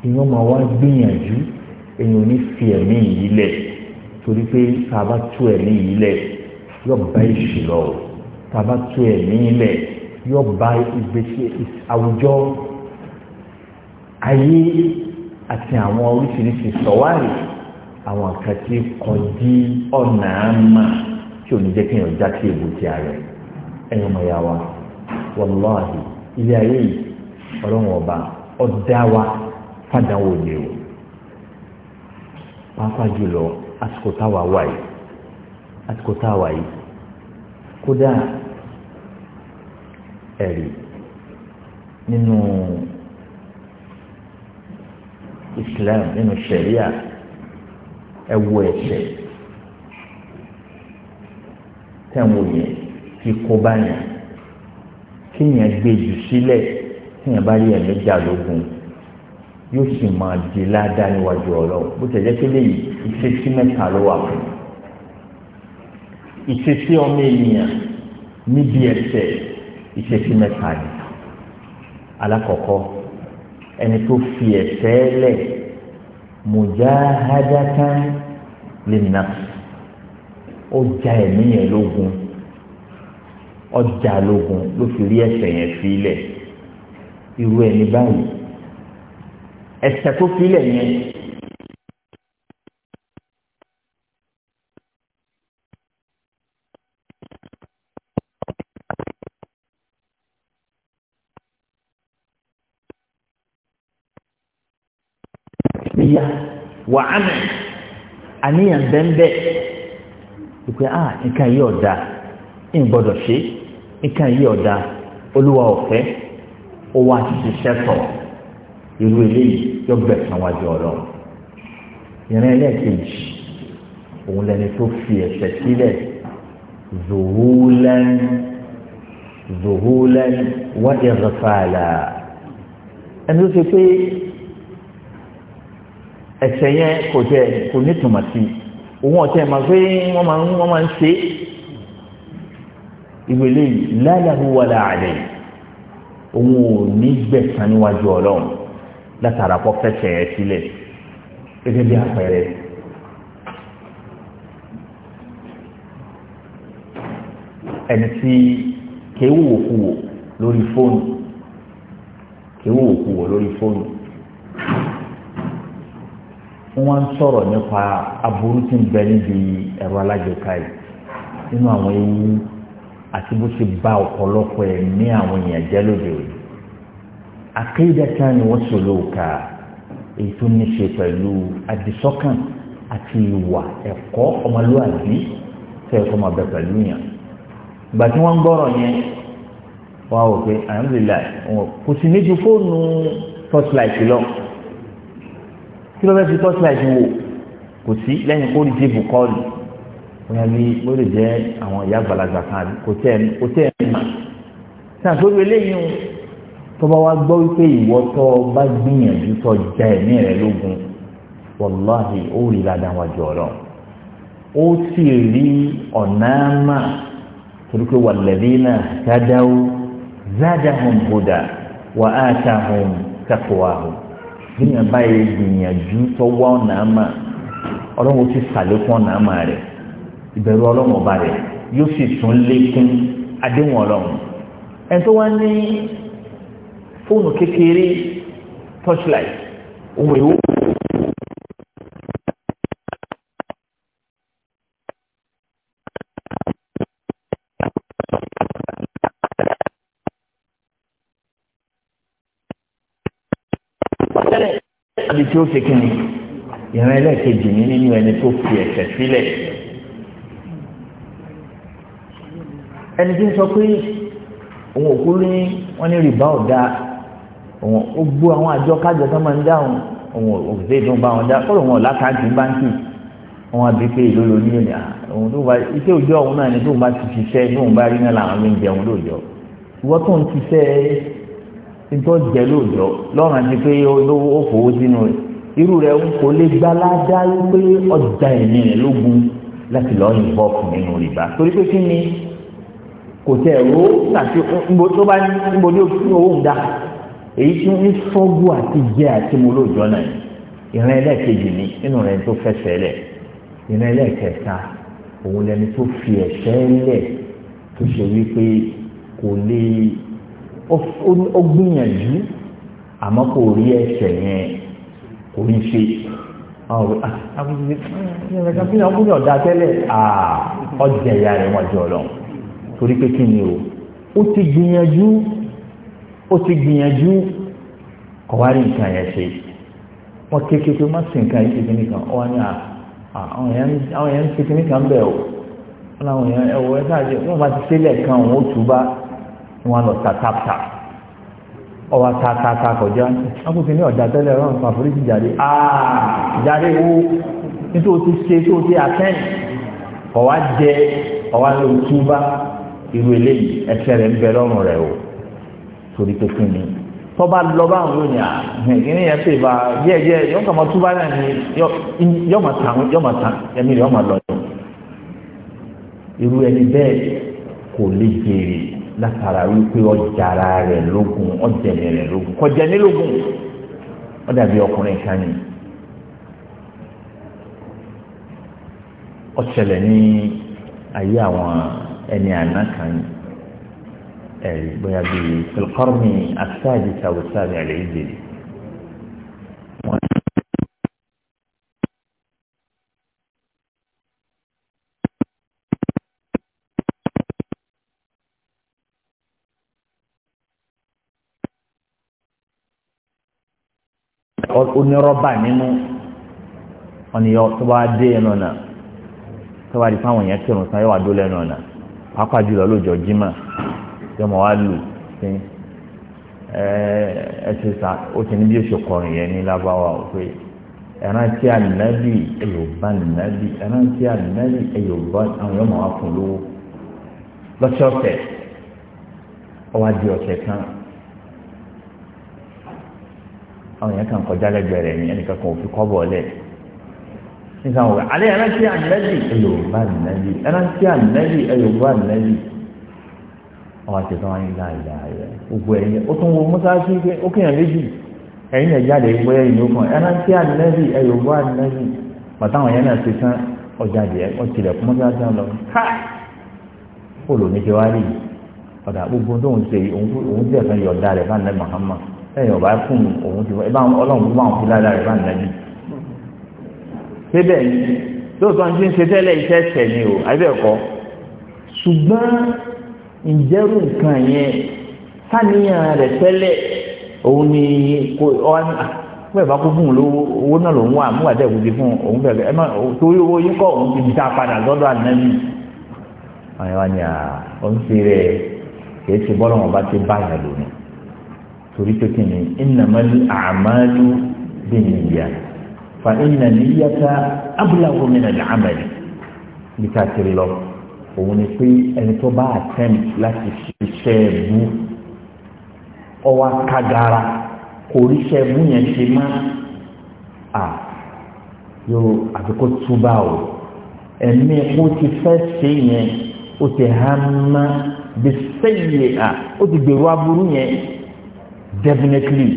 èèyàn máa wá gbìyànjú èèyàn ò ní fi ẹ̀mí yìí lẹ̀ torí pé tá a bá tú ẹ̀mí yìí lẹ̀ yóò bá ìṣù lọ o tá a bá tú ẹ̀mí yìí lẹ̀ yóò bá ìgbésí àwùjọ ayé àti àwọn oríṣiríṣi sọ̀wárì àwọn kan tí kọjí ọ̀nà àmà tí ò ní jẹ́ kéèyàn já sí èbúté ayọ̀ ẹ̀yin ọmọ ìyá wa wàláhì ilé ayé yìí ọlọ́run ọba ọ̀dá wa fàdánwò ni o pàápàá jùlọ àsìkò táwa wà yìí àsìkò táwa yìí kódà ẹ̀rí nínú Islam nínú Sharia ẹwọ ẹsẹ̀ tẹ̀wọ̀n yẹn fi kó báyà kéèyàn gbé jù sílẹ̀ kéèyàn bá rí ẹ̀mí jà lógun yóò sì máa di ládàá níwájú ọlọ́run bó tẹ̀lé kéde yìí ìṣesí mẹ́ta ló wà fún ìṣesí ọmọ ènìyàn níbi ẹsẹ̀ ìṣesí mẹ́ta ni alákọ̀ọ́kọ́ ẹni tó fi ẹsẹ̀ lẹ̀ mujahadatan linnafs ọjà ẹ̀mí yẹn lógun ọjà lógun ló fi rí ẹsẹ̀ yẹn sílẹ̀ irú ẹni báyìí ẹsẹ̀ tó sílẹ̀ yẹn. yá wà á mẹ àníyàn bẹ́ńbẹ́ ìpè à nǹkan yìí ọ̀dà ń gbọ́dọ̀ ṣe nǹkan yìí ọ̀dà olúwa ọ̀fẹ́ ó wá ṣiṣẹ́ tọ̀ irú eléyìí yọ gbẹ̀sán wájú ọlọ́run ìrìn ẹlẹ́ẹ̀kejì òun lẹni tó fi ẹ̀ṣẹ̀ sílẹ̀ zuhulan zuhulan wọ́n ti rẹ̀ fàlà ẹni tó ṣe pé ẹ̀ṣẹ̀ yẹn kò jẹ́ kò ní tòmátì òun ọ̀tẹ̀ máa pé wọ́n máa ń wọ́n máa ń ṣe ìwélé lálahu wala àlẹ́ òun ò ní gbẹ̀sán níwájú ọlọ́run látara kọ́ fẹsẹ̀ ẹ̀ sílẹ̀ gẹ́gẹ́ bí àpẹẹrẹ. ẹni tí kéwòwòkúwò lórí fóònù kéwòwòkúwò lórí fóònù wọ́n ń sọ̀rọ̀ nípa aburú tí ń bẹ níbi ẹ̀rọ alágbèéká yìí nínú àwọn ewu àti bó ṣe ba ọ̀pọ̀lọpọ̀ ẹ̀mí àwọn èèyàn jẹ́ lóde òní. akéèdàtà ni wọ́n ṣòro kà èyí tó ní ṣe pẹ̀lú àdìsọ́kàn àti ìwà ẹ̀kọ́ ọmọlúwàbí tẹ́ ẹ̀kọ́ máa bẹ pẹ̀lú yàn. ìgbà tí wọ́n ń gbọ́rọ̀ yẹn wọ́n á wò pé alhamdulilayi kò sì ní fóònù torchlight lọ kí ló fẹ́ fi tọ́sí láti wò kò sí lẹ́yìn kó lè dé bùkọ́ọ̀lù bóyá bí ó lè jẹ́ àwọn ìyá àgbàlagbà kan àbí kò tẹ́ kò tẹ́ ẹ̀ mà sáà tó lè léyìn o tó bá wá gbọ́ wípé ìwọ tó bá gbìyànjú tó ja ẹ̀mí rẹ lógun wàláhì ó rí ládàá wọn jọ lọ ó sì rí ọ̀nà àmà torí pé walladhina tadaw zadahum huda wa atahum taqwahum. bíyàn báyìí gbìyànjú tọwọ́ ti rẹ̀ ìbẹ̀rù ọlọ́run ọba rẹ̀ yóò sì tún lékún adéhùn ọlọ́run ẹni tó di tí ó ṣe kí ni ìran ẹlẹ́ẹ̀kejì ní nínú ẹni tó fi ẹ̀ṣẹ̀ sílẹ̀ ẹni tí ń sọ pé òun òkú ní wọ́n ní rìbá ọ̀dà òun ó gbó àwọn àjọ kájọ tó máa ń dáhùn òun òkùté tó ń bá wọn dá kọ́lọ̀ wọn ọ̀la káàdì báńkì wọn àbí pé ìlú ló ní ìlà òun tó bá iṣẹ́ òjò òun náà ni tó ń bá ti ṣiṣẹ́ tó ń bá rí náà làwọn ń jẹun lóòjọ́ ìwọ́n tó ń ṣiṣẹ́ nítorí jẹ́ lóòjọ́ lọ́rùn ni pé olówó ó fowó sínú rẹ̀ irú rẹ̀ ń kò lè gbalada pé ọjà ẹ̀mí rẹ̀ lógun láti lọ́ọ́ yìnbọn kù nínú rìbá torí pé kí ni kò tẹ̀ owó tàbí nbo tó bá nbo ní òfin owó ń dá èyí tí wọ́n ń fọ́gbù àti jẹ àti mu lóòjọ́ náà ìran ẹlẹ́ẹ̀kejì ni nínú rẹ̀ tó fẹsẹ̀ lẹ̀ ìran ẹlẹ́ẹ̀kẹta òun lẹni tó fi ẹ̀ṣẹ̀ lẹ̀ tó ṣe wípé kò lè ó gbìyànjú àmọ́ kò rí ẹsẹ̀ yẹn kò ní ṣe àwọn ọ̀rẹ́ àbúrò àbúrò ọ̀dà tẹ́lẹ̀ ọjà ah, ìyá rẹ̀ wọ́n jọ lọ o ó ti gbìyànjú ó ti gbìyànjú kò wá rí nǹkan yẹn ṣe wọ́n kéke pé má sì nǹkan yìí kékeré kan ah, ah, o wọ́n làwọn yẹn ẹ̀wọ̀ ẹ̀ sáà jẹ́ wọ́n bá ti wọn lọ ta tapta ọwọ́ ta ta ta kọjá akókò ní ọ̀dà tẹ́lẹ̀ ọ̀rọ̀ nǹkan àforíjì jáde áà ah, jáde wo nítorí o ti ṣe tó o ti àtẹ́ǹ ọ̀wá jẹ ọ̀wá lọ túbá irú eléyìí ẹsẹ̀ rẹ̀ ń bẹ lọ́rùn rẹ̀ o torí pé kí ni tọ́ba lọ́ba àwọn yóò ní yẹn ah, pè bá díẹ̀díẹ̀ yọ̀ọ́ kà mọ́ túbá náà ni yọ̀ọ́ mà tàn yọ̀ọ́ mà tàn ẹ̀mí rẹ̀ yọ̀ọ́ mà lọ́yọ̀ irú ẹni bẹ́ẹ̀ kò lè jèrè látara wípé ọjà ara rẹ̀ lógun ọjà ẹ̀mí rẹ̀ lógun kọjá ní lógun ó dàbí ọkùnrin kan ni ó ṣẹlẹ̀ ní ayé àwọn ẹni àná kan ni ẹ̀rí bóyá bíi fil qarni as-sadis aw as-sabi'i onírọ́bà nínú wọn ni tó bá dé ẹnu ọ̀nà tó bá di fáwọn èèyàn kírun sáyé wà dó lẹ́nu ọ̀nà pàápàá jùlọ lọ́jọ́ jimá yọmọ wa lù sí ẹ ṣe sá ó ti ní bí oṣù kọrin yẹn ní lábáwá ó pé ẹrántí ẹrántí àwọn wa fún lówó lọ́sọ̀ọ̀sẹ̀ ọ̀sẹ̀ kan. àwọn èèyàn kan kọjá lẹ́gbẹ̀ẹ́ rẹ̀ ní ẹnìkan kan ò fi kọ́ bọ̀ lẹ̀ nígbà wọn alẹ́ ẹrántí ànẹ́bì ẹyọ bá nẹ́bì ẹrántí ànẹ́bì ẹyọ bá nẹ́bì ọmọ àti ìtàn ayé láàyè ààrẹ gbogbo ẹ̀yẹ ó tún wo mọ́sáàsì pé ó kéèyàn méjì ẹ̀yìn ẹ̀ jáde ìwé ìlú kan ẹrántí ànẹ́bì ẹyọ bá nẹ́bì bàtà àwọn yẹn náà ti tán ọjà jẹ ọtìlẹ̀ fún mọ́sáàsì náà lọ ká olùmíjẹ wá rí ọ̀dà gbogbo tóun ṣe òun jẹ́ fẹ́ yọ̀ọ̀dà rẹ̀ bá nẹ́ Muhammad ẹ̀yìn ọ̀bá fún òun ti wọ́n ẹ bá ọlọ́run fún báwọn fúlá dára ẹ bá ń dájú. síbẹ̀ lóòótọ́ ní ṣe tẹ́lẹ̀ iṣẹ́ ẹ̀sẹ̀ ni o àbẹ̀kọ́ ṣùgbọ́n ìjẹ́rù nǹkan yẹn sáníyàn rẹ̀ tẹ́lẹ̀ òun ni kò ọ́n pẹ́ ah, bá kó fún un lówó owó náà lòun wà mú àdẹ́kù ti fún òun bẹ̀rẹ̀ ẹ má torí owó yín kọ́ òun ti dá padà lọ́dọ̀ ànábì. àwọn ẹ̀wá ni à ah, ń ṣe rẹ̀ kì í ṣe bọ́lọ̀ ti bá yàn lónìí torí pé kí ni innamal a'malu binniyat fa inna niyyata ablaghu minal 'amali bí ká ti lọ òun ni pé ẹni tó bá attempt láti ṣiṣẹ́ ẹ̀bú ọwọ́ kagara kò ríṣẹ́ ẹ̀bú yẹn ṣe má a yóò àbíkó túbà o ẹ̀mí kó ti fẹ́ ṣe yẹn ó ti hàn má bí sẹ́yìn à ó ti gbèrú aburú yẹn definitely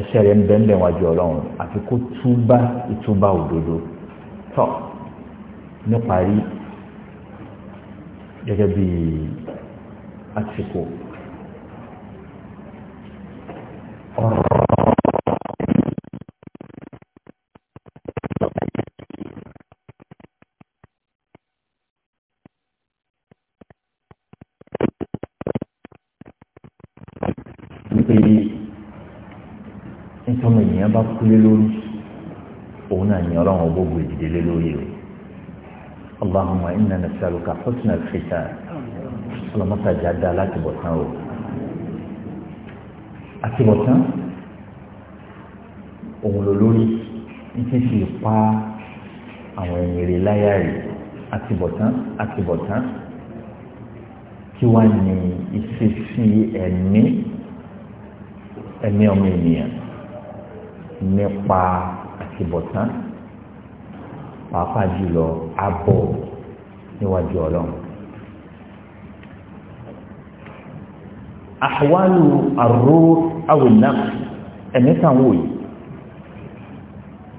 ẹ̀ṣẹ̀ rẹ̀ ń bẹ́ẹ̀ wájú ọlọ́run àfi kó túbá ìtúbá òdodo tọ́ níparí gẹ́gẹ́ bí àsìkò. lé lórí òun náà ní ọlọ́run gbogbo ìdílé lé lórí rẹ̀ Allahumma inna nas'aluka husna al-khitan ọlọ́mọ́ta jà dá láti bọ̀ tán o àti bọ̀ tán òun ló lórí títí sì pa àwọn ènìyàn láyà rè àti bọ̀ tán àti bọ̀ tán kí wàá ní ìṣesí ẹ̀mí ẹ̀mí ọmọ ènìyàn nípa àtibọ̀tán pàápàá jùlọ abọ́ níwájú ọlọ́run. àwálù àrò àwòrán ẹ̀mí kan wò yìí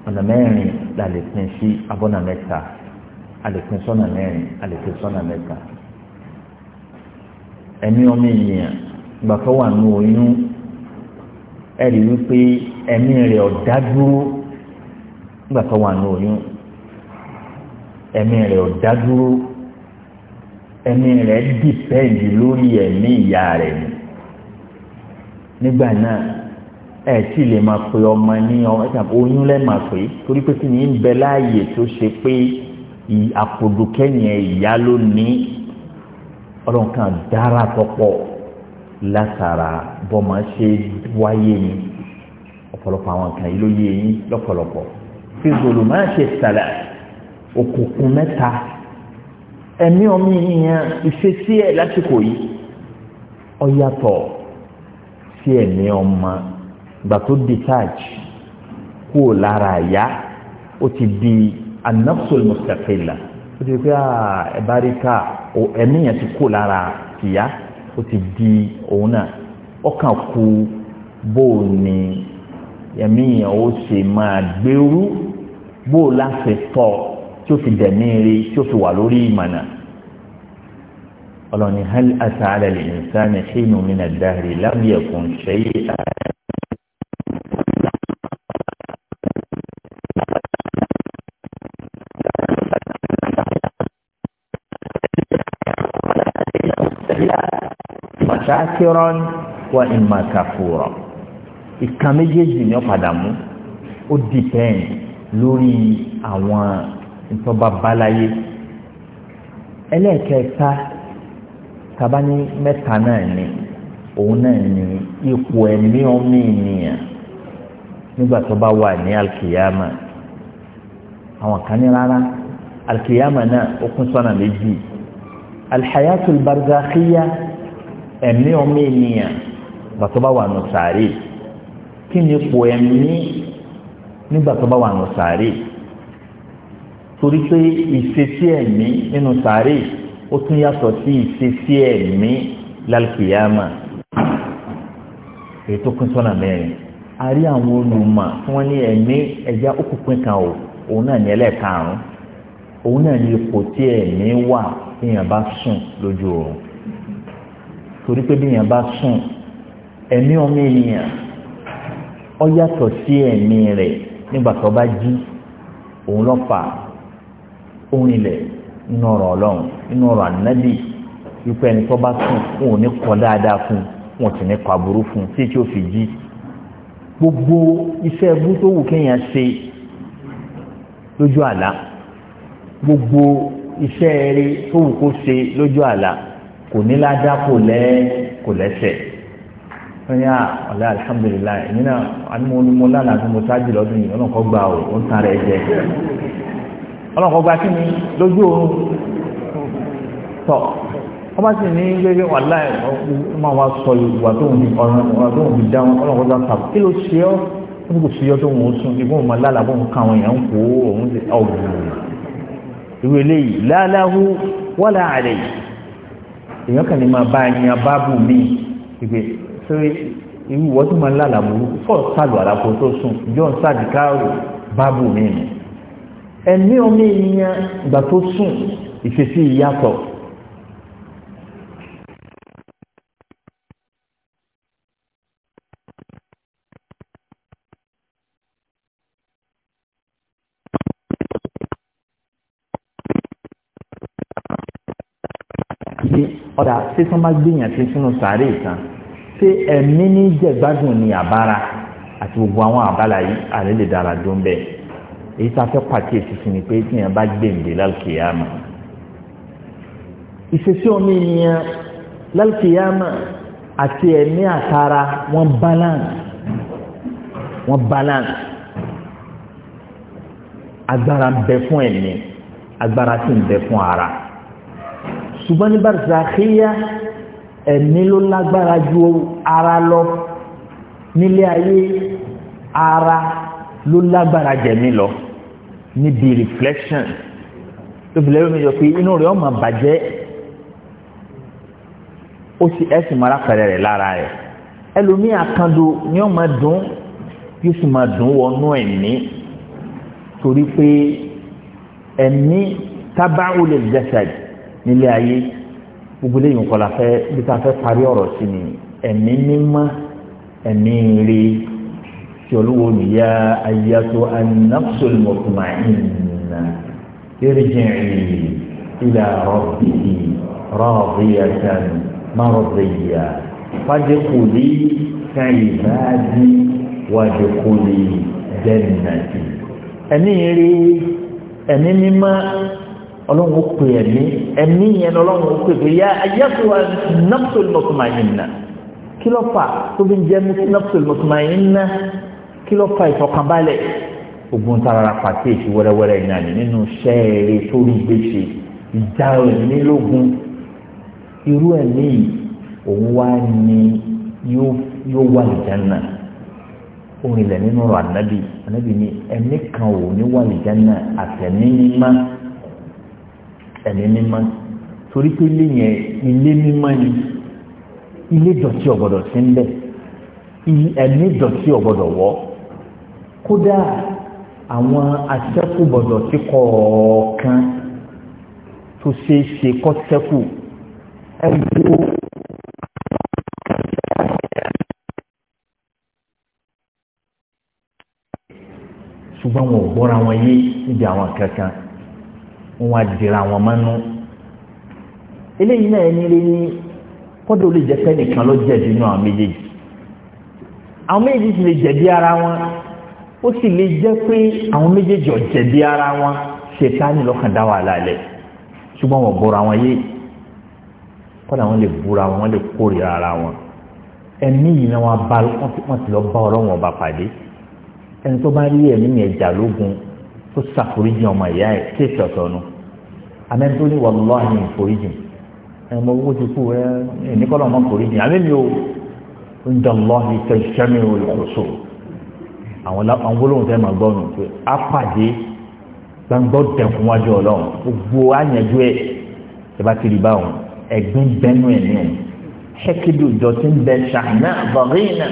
ọ̀nà mẹ́rin la lè pín sí abọ́nà mẹ́ta a lè pín sọ́nà mẹ́rin a lè pín sọ́nà mẹ́ta ẹ̀mí ọmọ ènìyàn gbàtọ́ wà nù oyún. ẹ̀rí wípé ẹ̀mí rẹ̀ ọ̀dá dúró wà ní oyún ẹ̀mí rẹ̀ ẹ̀mí rẹ̀ dìpẹ́ǹdì lórí ẹ̀mí ìyá rẹ̀ ni nígbà náà ẹ̀ tí torí pé kí ni ń bẹ láàyè tó ṣe pé àpòdùkẹ́yìn ìyá ló ní látara bọ́mọ ṣe wáyé ni ọ̀pọ̀lọpọ̀ àwọn kan yìí ló yé yín lọ́pọ̀lọpọ̀ fi gbòòlò máa ṣe sàlẹ̀ òkùnkùn mẹ́ta ẹ̀mí ọmọ ìyẹn ìṣesí ẹ̀ lásìkò yìí ó yàtọ̀ sí ẹ̀mí ọmọ gbà tó detach kúò lára àyà ó ti di anafsul mustaqilla ó ti pé ah, ẹ̀bá rí ká ẹ̀mí yẹn ti kúò lára tìyá ó ti di òun náà ọkàn kú bóò ní ẹ̀mí yẹn ó ṣe máa gbèrú bóò láti tọ́ tí ó fi dẹ̀mí rí tí ó fi wà lórí ìmọ̀nà ọlọ́ni hal ata ala al insani hinun min ad-dahri lam yakun shay'an. shakiran wa imma kafura ìkan méjèèjì ni ó padà mú ó dìpẹ́ǹd lórí àwọn ìtọ́ba báláyé ẹlẹ́ẹ̀kẹta taba ní mẹ́ta náà ni òun náà ni ipò ẹ̀mí ọmọ ènìyàn nígbà tó bá wà ní alkiyama àwọn kan ní rárá alkiyama náà ó kún sọ́nà méjì alhayatul barzakhiya ẹ̀mí ọmọ ènìyàn gbàtọ́ bá wà nù sàárè kí ni ipò ẹ̀mí nígbà tó bá wà nù sàárè torí pé ìṣesí ẹ̀mí nínú sàárè ó tún yàtọ̀ sí ìṣesí ẹ̀mí lálùkìyàmà èyí tó pín sọ́nà mẹ́rin a rí àwọn olùmọ̀ tí wọ́n ní ẹ̀mí ẹ̀já ó kò pín kan o òun náà ní ẹlẹ́ẹ̀karùn-ún òun náà ní ipò tí ẹ̀mí wà èèyàn bá sùn lójú oorun torí pé bíyàn bá sùn ẹ̀mí ọmọ ènìyàn ọ yàtọ̀ sí ẹ̀mí rẹ̀ nígbà tó bá jí òun lọ fà òun ilẹ̀ nínú ọ̀rọ̀ ọlọ́run nínú ọ̀rọ̀ ànábì wípé ẹni tó bá sùn òun ò ní kọ́ dáadáa fún wọn sì ní kọ́ aburú fún tí tí ó fi jí gbogbo iṣẹ́ ẹbú tó wù kéèyàn ṣe lójú àlá gbogbo iṣẹ́ eré tó wù kó ṣe lójú àlá kò ní ládá kò lẹ́ kò lẹ́sẹ̀ wọ́n yà ọ̀lẹ́ alihamudulilayi èmi náà alimọ̀lá làbí mo sáájì lọ́dún yìí ọlọ́kọ̀ gba o ó ń tan rẹ̀ jẹ ọlọ́kọ̀ gba kí ni lójú oorun tọ̀ wọ́n bá sì ní gbégbé wàhálà máa wá sọ ìwà tó ń ọ̀ràn ọ̀ràn tó ń fi dáhùn ọlọ́kọ̀ gba tàbí kí ló ṣe ọ́ ó kò ṣe ọ́ tó ń sùn ìbọn ọmọ lálàá bó ń ka àwọn èèyàn ń kó òun ọ̀gbìn ìwé eléyìí láláhu wàlá àlẹ́ yìí èèyàn kàn ní máa bá ẹyin abáàbù míì ìgbè sórí irú wọ́n tó máa ń lálàá burú fọ́ọ̀ sàlù àlàfo tó sùn john sàdíkàrò báàbù míì ẹ̀mí omi ìyẹn ìgbà tó sùn ìfèsì ìyàtọ̀ ọ̀dà ṣé tí wọ́n bá gbìyàn sí sínú sàárè kan ṣé ẹ̀mí ní jẹ̀gbádùn ni àbára àti gbogbo àwọn àbálà yìí àlẹ́ lè dára dó ń bẹ̀ èyí tá a fẹ́ pàkíyèsí sí ni pé tí yẹn bá gbèǹde lálùkìyàmà ìṣesí ọmọ ènìyàn lálùkìyàmà àti ẹ̀mí àtara wọ́n balance wọ́n balance agbára ń bẹ fún ẹ̀mí agbára sì ń bẹ fún ara ṣùgbọ́n ní barzakhiya ẹ̀mí ló lágbára ju ara lọ nílé ayé ara ló lágbára jẹ̀mí lọ níbi reflection tó fi lẹ́yìn ìjọ pé inú rẹ̀ ọmọ bàjẹ́ ó sì ẹ̀sìn mara pẹ̀lẹ́ rẹ̀ lára rẹ̀ ẹlòmíì àkàndó ni ọmọ dùn yóò sì máa dùn wọnú ẹ̀mí torí pé ẹ̀mí tábàá ó lè yìí nílé ayé gbogbo lẹ́yìn kọ́ la fẹ́ bí ká fẹ́ parí ọ̀rọ̀ sí ni ẹ̀mí mímọ́ ẹ̀mí rí tí olúwo nìyá ayatò an-nafsul mutma'inna irji'i ila rabbiki radiyatan mardiyyah fadkhuli fi ibadi wadkhuli jannati ẹ̀mí rí ẹ̀mí mímọ́ ọlọ́run ó pè ẹ̀mí ẹ̀mí yẹn ọlọ́run ó pè pé yá ayẹ́kùn wa nọ́pùtò mọ̀tòmáyìnà kí ló fà tó fi ń jẹ́ nọ́pùtò mọ̀tòmáyìnà kí ló fà ìfọkànbalẹ̀ ogun tarara pàṣẹ èsì wẹ́rẹ́wẹ́rẹ́ yìí náà nínú sẹ́ẹ̀rì tó rí gbèsè ìjà ẹ̀mí lógun irú ẹ̀mí òun wá ní yóò wà lìjánà orin lẹ̀ nínú ọ̀rọ̀ ànábì ànábì ní ẹ̀mí kan òun ní wà lìjánà àtẹ̀mí mímá ẹ̀mí mímọ́ torí pé ilé yẹn ilé mímọ́ ni ilé dọ̀tí ọ̀gbọ̀dọ̀ sí ń bẹ̀ ẹ̀mí dọ̀tí ọ̀gbọ̀dọ̀ wọ̀ kódà àwọn asẹ́kùbọ̀dọ̀ tí kọ̀ọ̀kan tó ṣeé ṣe kọ́ sẹ́kù ẹ̀ wọ́n. ṣùgbọ́n wọn ò gbọ́ra wọn yé níbi àwọn kankan wọn wá dira wọn mọ́nú eléyìí náà ẹni rí ní kọ́dọ̀ lè jẹ́ sẹ́nìkan ló jẹ̀bi nínú àwọn méjèèjì àwọn méjèèjì sì lè jẹ̀bi ara wọn ó sì lè jẹ́ pé àwọn méjèèjì ò jẹ̀bi ara wọn ṣètánì lọ́kàn dá wàhálà lẹ̀ ṣùgbọ́n wọn bọ́ra wọn yé kọ́dà wọn lè búra wọn wọn lè kórìíra ara wọn ẹ̀mí yìí náà wọn ti lọ bá ọlọ́wọ́n ọba pàdé ẹni tó bá rí ẹ̀mí yẹn jà lógun tó ṣàforíjì ọmọ ìyá ẹ̀ tí èsì ọ̀tọ̀ nu amẹ́ńtó ní wàlúwàhí ìforíjì ẹ̀ mọ owó ti kú ẹ̀ níkọ́lọ́ ọmọ foríjì àmì mi ò ń dọ̀lọ́hì tẹ ìṣẹ́mi olùkóso àwọn gbólóhùn tẹ́ máa gbọ́ nù pé á pàdé gbàgbọ́ dẹ̀kun wájú ọlọ́run gbogbo àyànjú ẹ̀ ẹ bá ti rí báwọn ẹ̀gbìn bẹ́nu ẹ̀ ní ẹ̀ ṣẹ́kídù ìjọ ti ń bẹ ṣàhánà bọ̀rìnà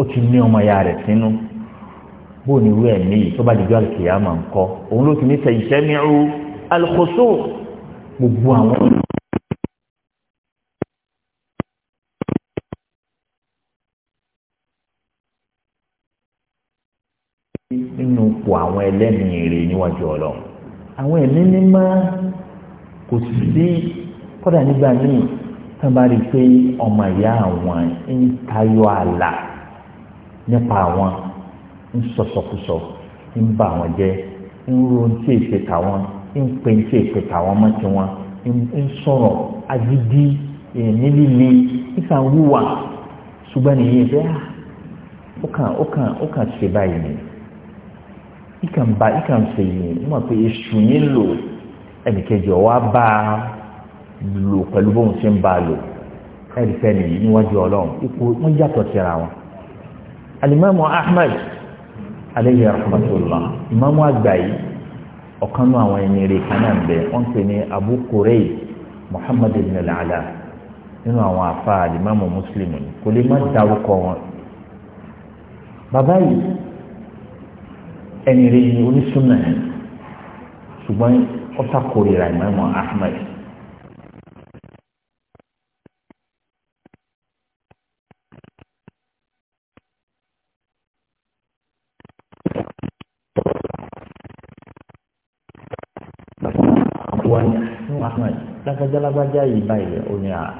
ó ti ní ọmọ ìyá rẹ̀ sínú bóun ni wíwẹ̀ mí yìí tó bá dìjọ́ àlùkìyàmà ń kọ́ òun ló ti ní sẹ́yìn sẹ́mi'u alùkòsó gbogbo àwọn. nínú ipò àwọn ẹlẹ́mìí rè níwájú ọlọ́run àwọn ẹ̀mí mímọ́ kò sí kọ́dà nígbà míì tán bá rí i pé ọmọ ìyá àwọn ń tayọ ààlà nípa àwọn ń sọ̀sọ̀kùsọ̀ ń bà wọ́n jẹ́ ń ron tí èpè tàwọn ń pè tí èpè tàwọn mọ́ tiwọn ń sọ̀rọ̀ agídí nílíle ìsàn wúwà ṣùgbọ́n nìyí bẹ́ẹ̀ ah, ó kàn ó kàn ó kàn ṣe báyìí ni ìkàn ba ìkàn ṣe yìí wọ́n mọ̀ pé èṣù yín lò ẹnìkejì ọ̀wá bá a lò pẹ̀lú bóun ṣe ń bá a lò ẹ̀rí fẹ́ nìyí níwájú ọlọ́run ipò wọ́n yàtọ̀ síra wọn. alimami Ahmad aleyhi rahmatulah imamu àgbà yìí awon nù àwọn ẹni rè kanáà ń bẹ wọ́n abu kurey muhammad ibn al-ala nínú àwọn afa alimamu muslim kò lè má dárúkọ wọn bàbá yìí ẹni rè ní onísùnà ṣùgbọ́n ó ta kórìíra ahmed. lágbájá lágbájá yìí báyìí ó ní à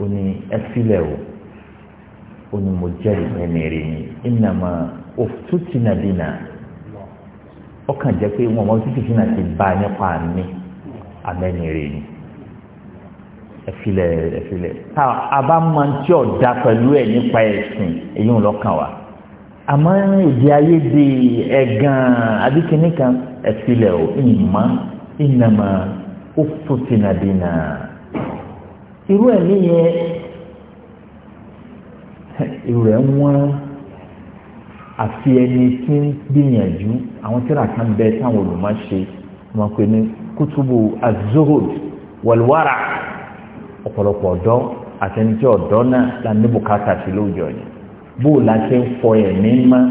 ó ní ẹfílẹ̀ o ó ní mo jẹ́ ìpẹ́ni rẹ̀ ni ìnàmà òtútù nàbìnà ọkàn jẹ́ pé wọn wọn títí fún àti bá nípa mi àmẹ́ni rẹ̀ ni ẹfílẹ̀ ẹfílẹ̀ tá a bá máa ń tí ọ̀dà pẹ̀lú ẹ̀ nípa ẹ̀sìn èyí ń lọ́kàn wa àmọ́ èdè ayédè ẹ̀gàn àbíkíní kan ẹ̀fílẹ̀ o ìmọ̀ ìnàmà ó fòfinà dènà irú ẹ̀mí yẹn irú ẹ̀ ń wọ́n àfi ẹni tí ń gbìyànjú àwọn tíra kan bẹ táwọn olùmọ̀ ṣe wọn pe ní kútùbù az-zuhud wal-wara ọ̀pọ̀lọpọ̀ ọ̀dọ́ àtẹnudẹ́ ọ̀dọ́ náà la ní bùkátà sí lóòjọ́ yìí bóò la ṣe ń fọ ẹ̀mí mọ́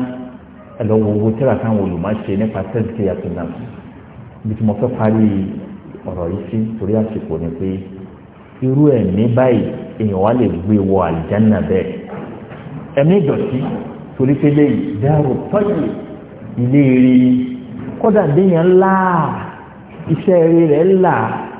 ẹ lọ wo owó tíra táwọn olùmọ̀ ṣe nípa tẹ́sítì yàtọ̀ bí tí mo fẹ́ parí ọ̀rọ̀ yìí sí torí àsìkò ni pé irú ẹ̀mí báyìí èèyàn wá lè gbé wọ àlìjánà bẹ́ẹ̀ ẹ̀mí ìdọ̀tí torí pé lẹ́yìn dáàrò tọ́jú ilé rí kódà déèyàn ńlá iṣẹ́ rí rẹ̀ ńlá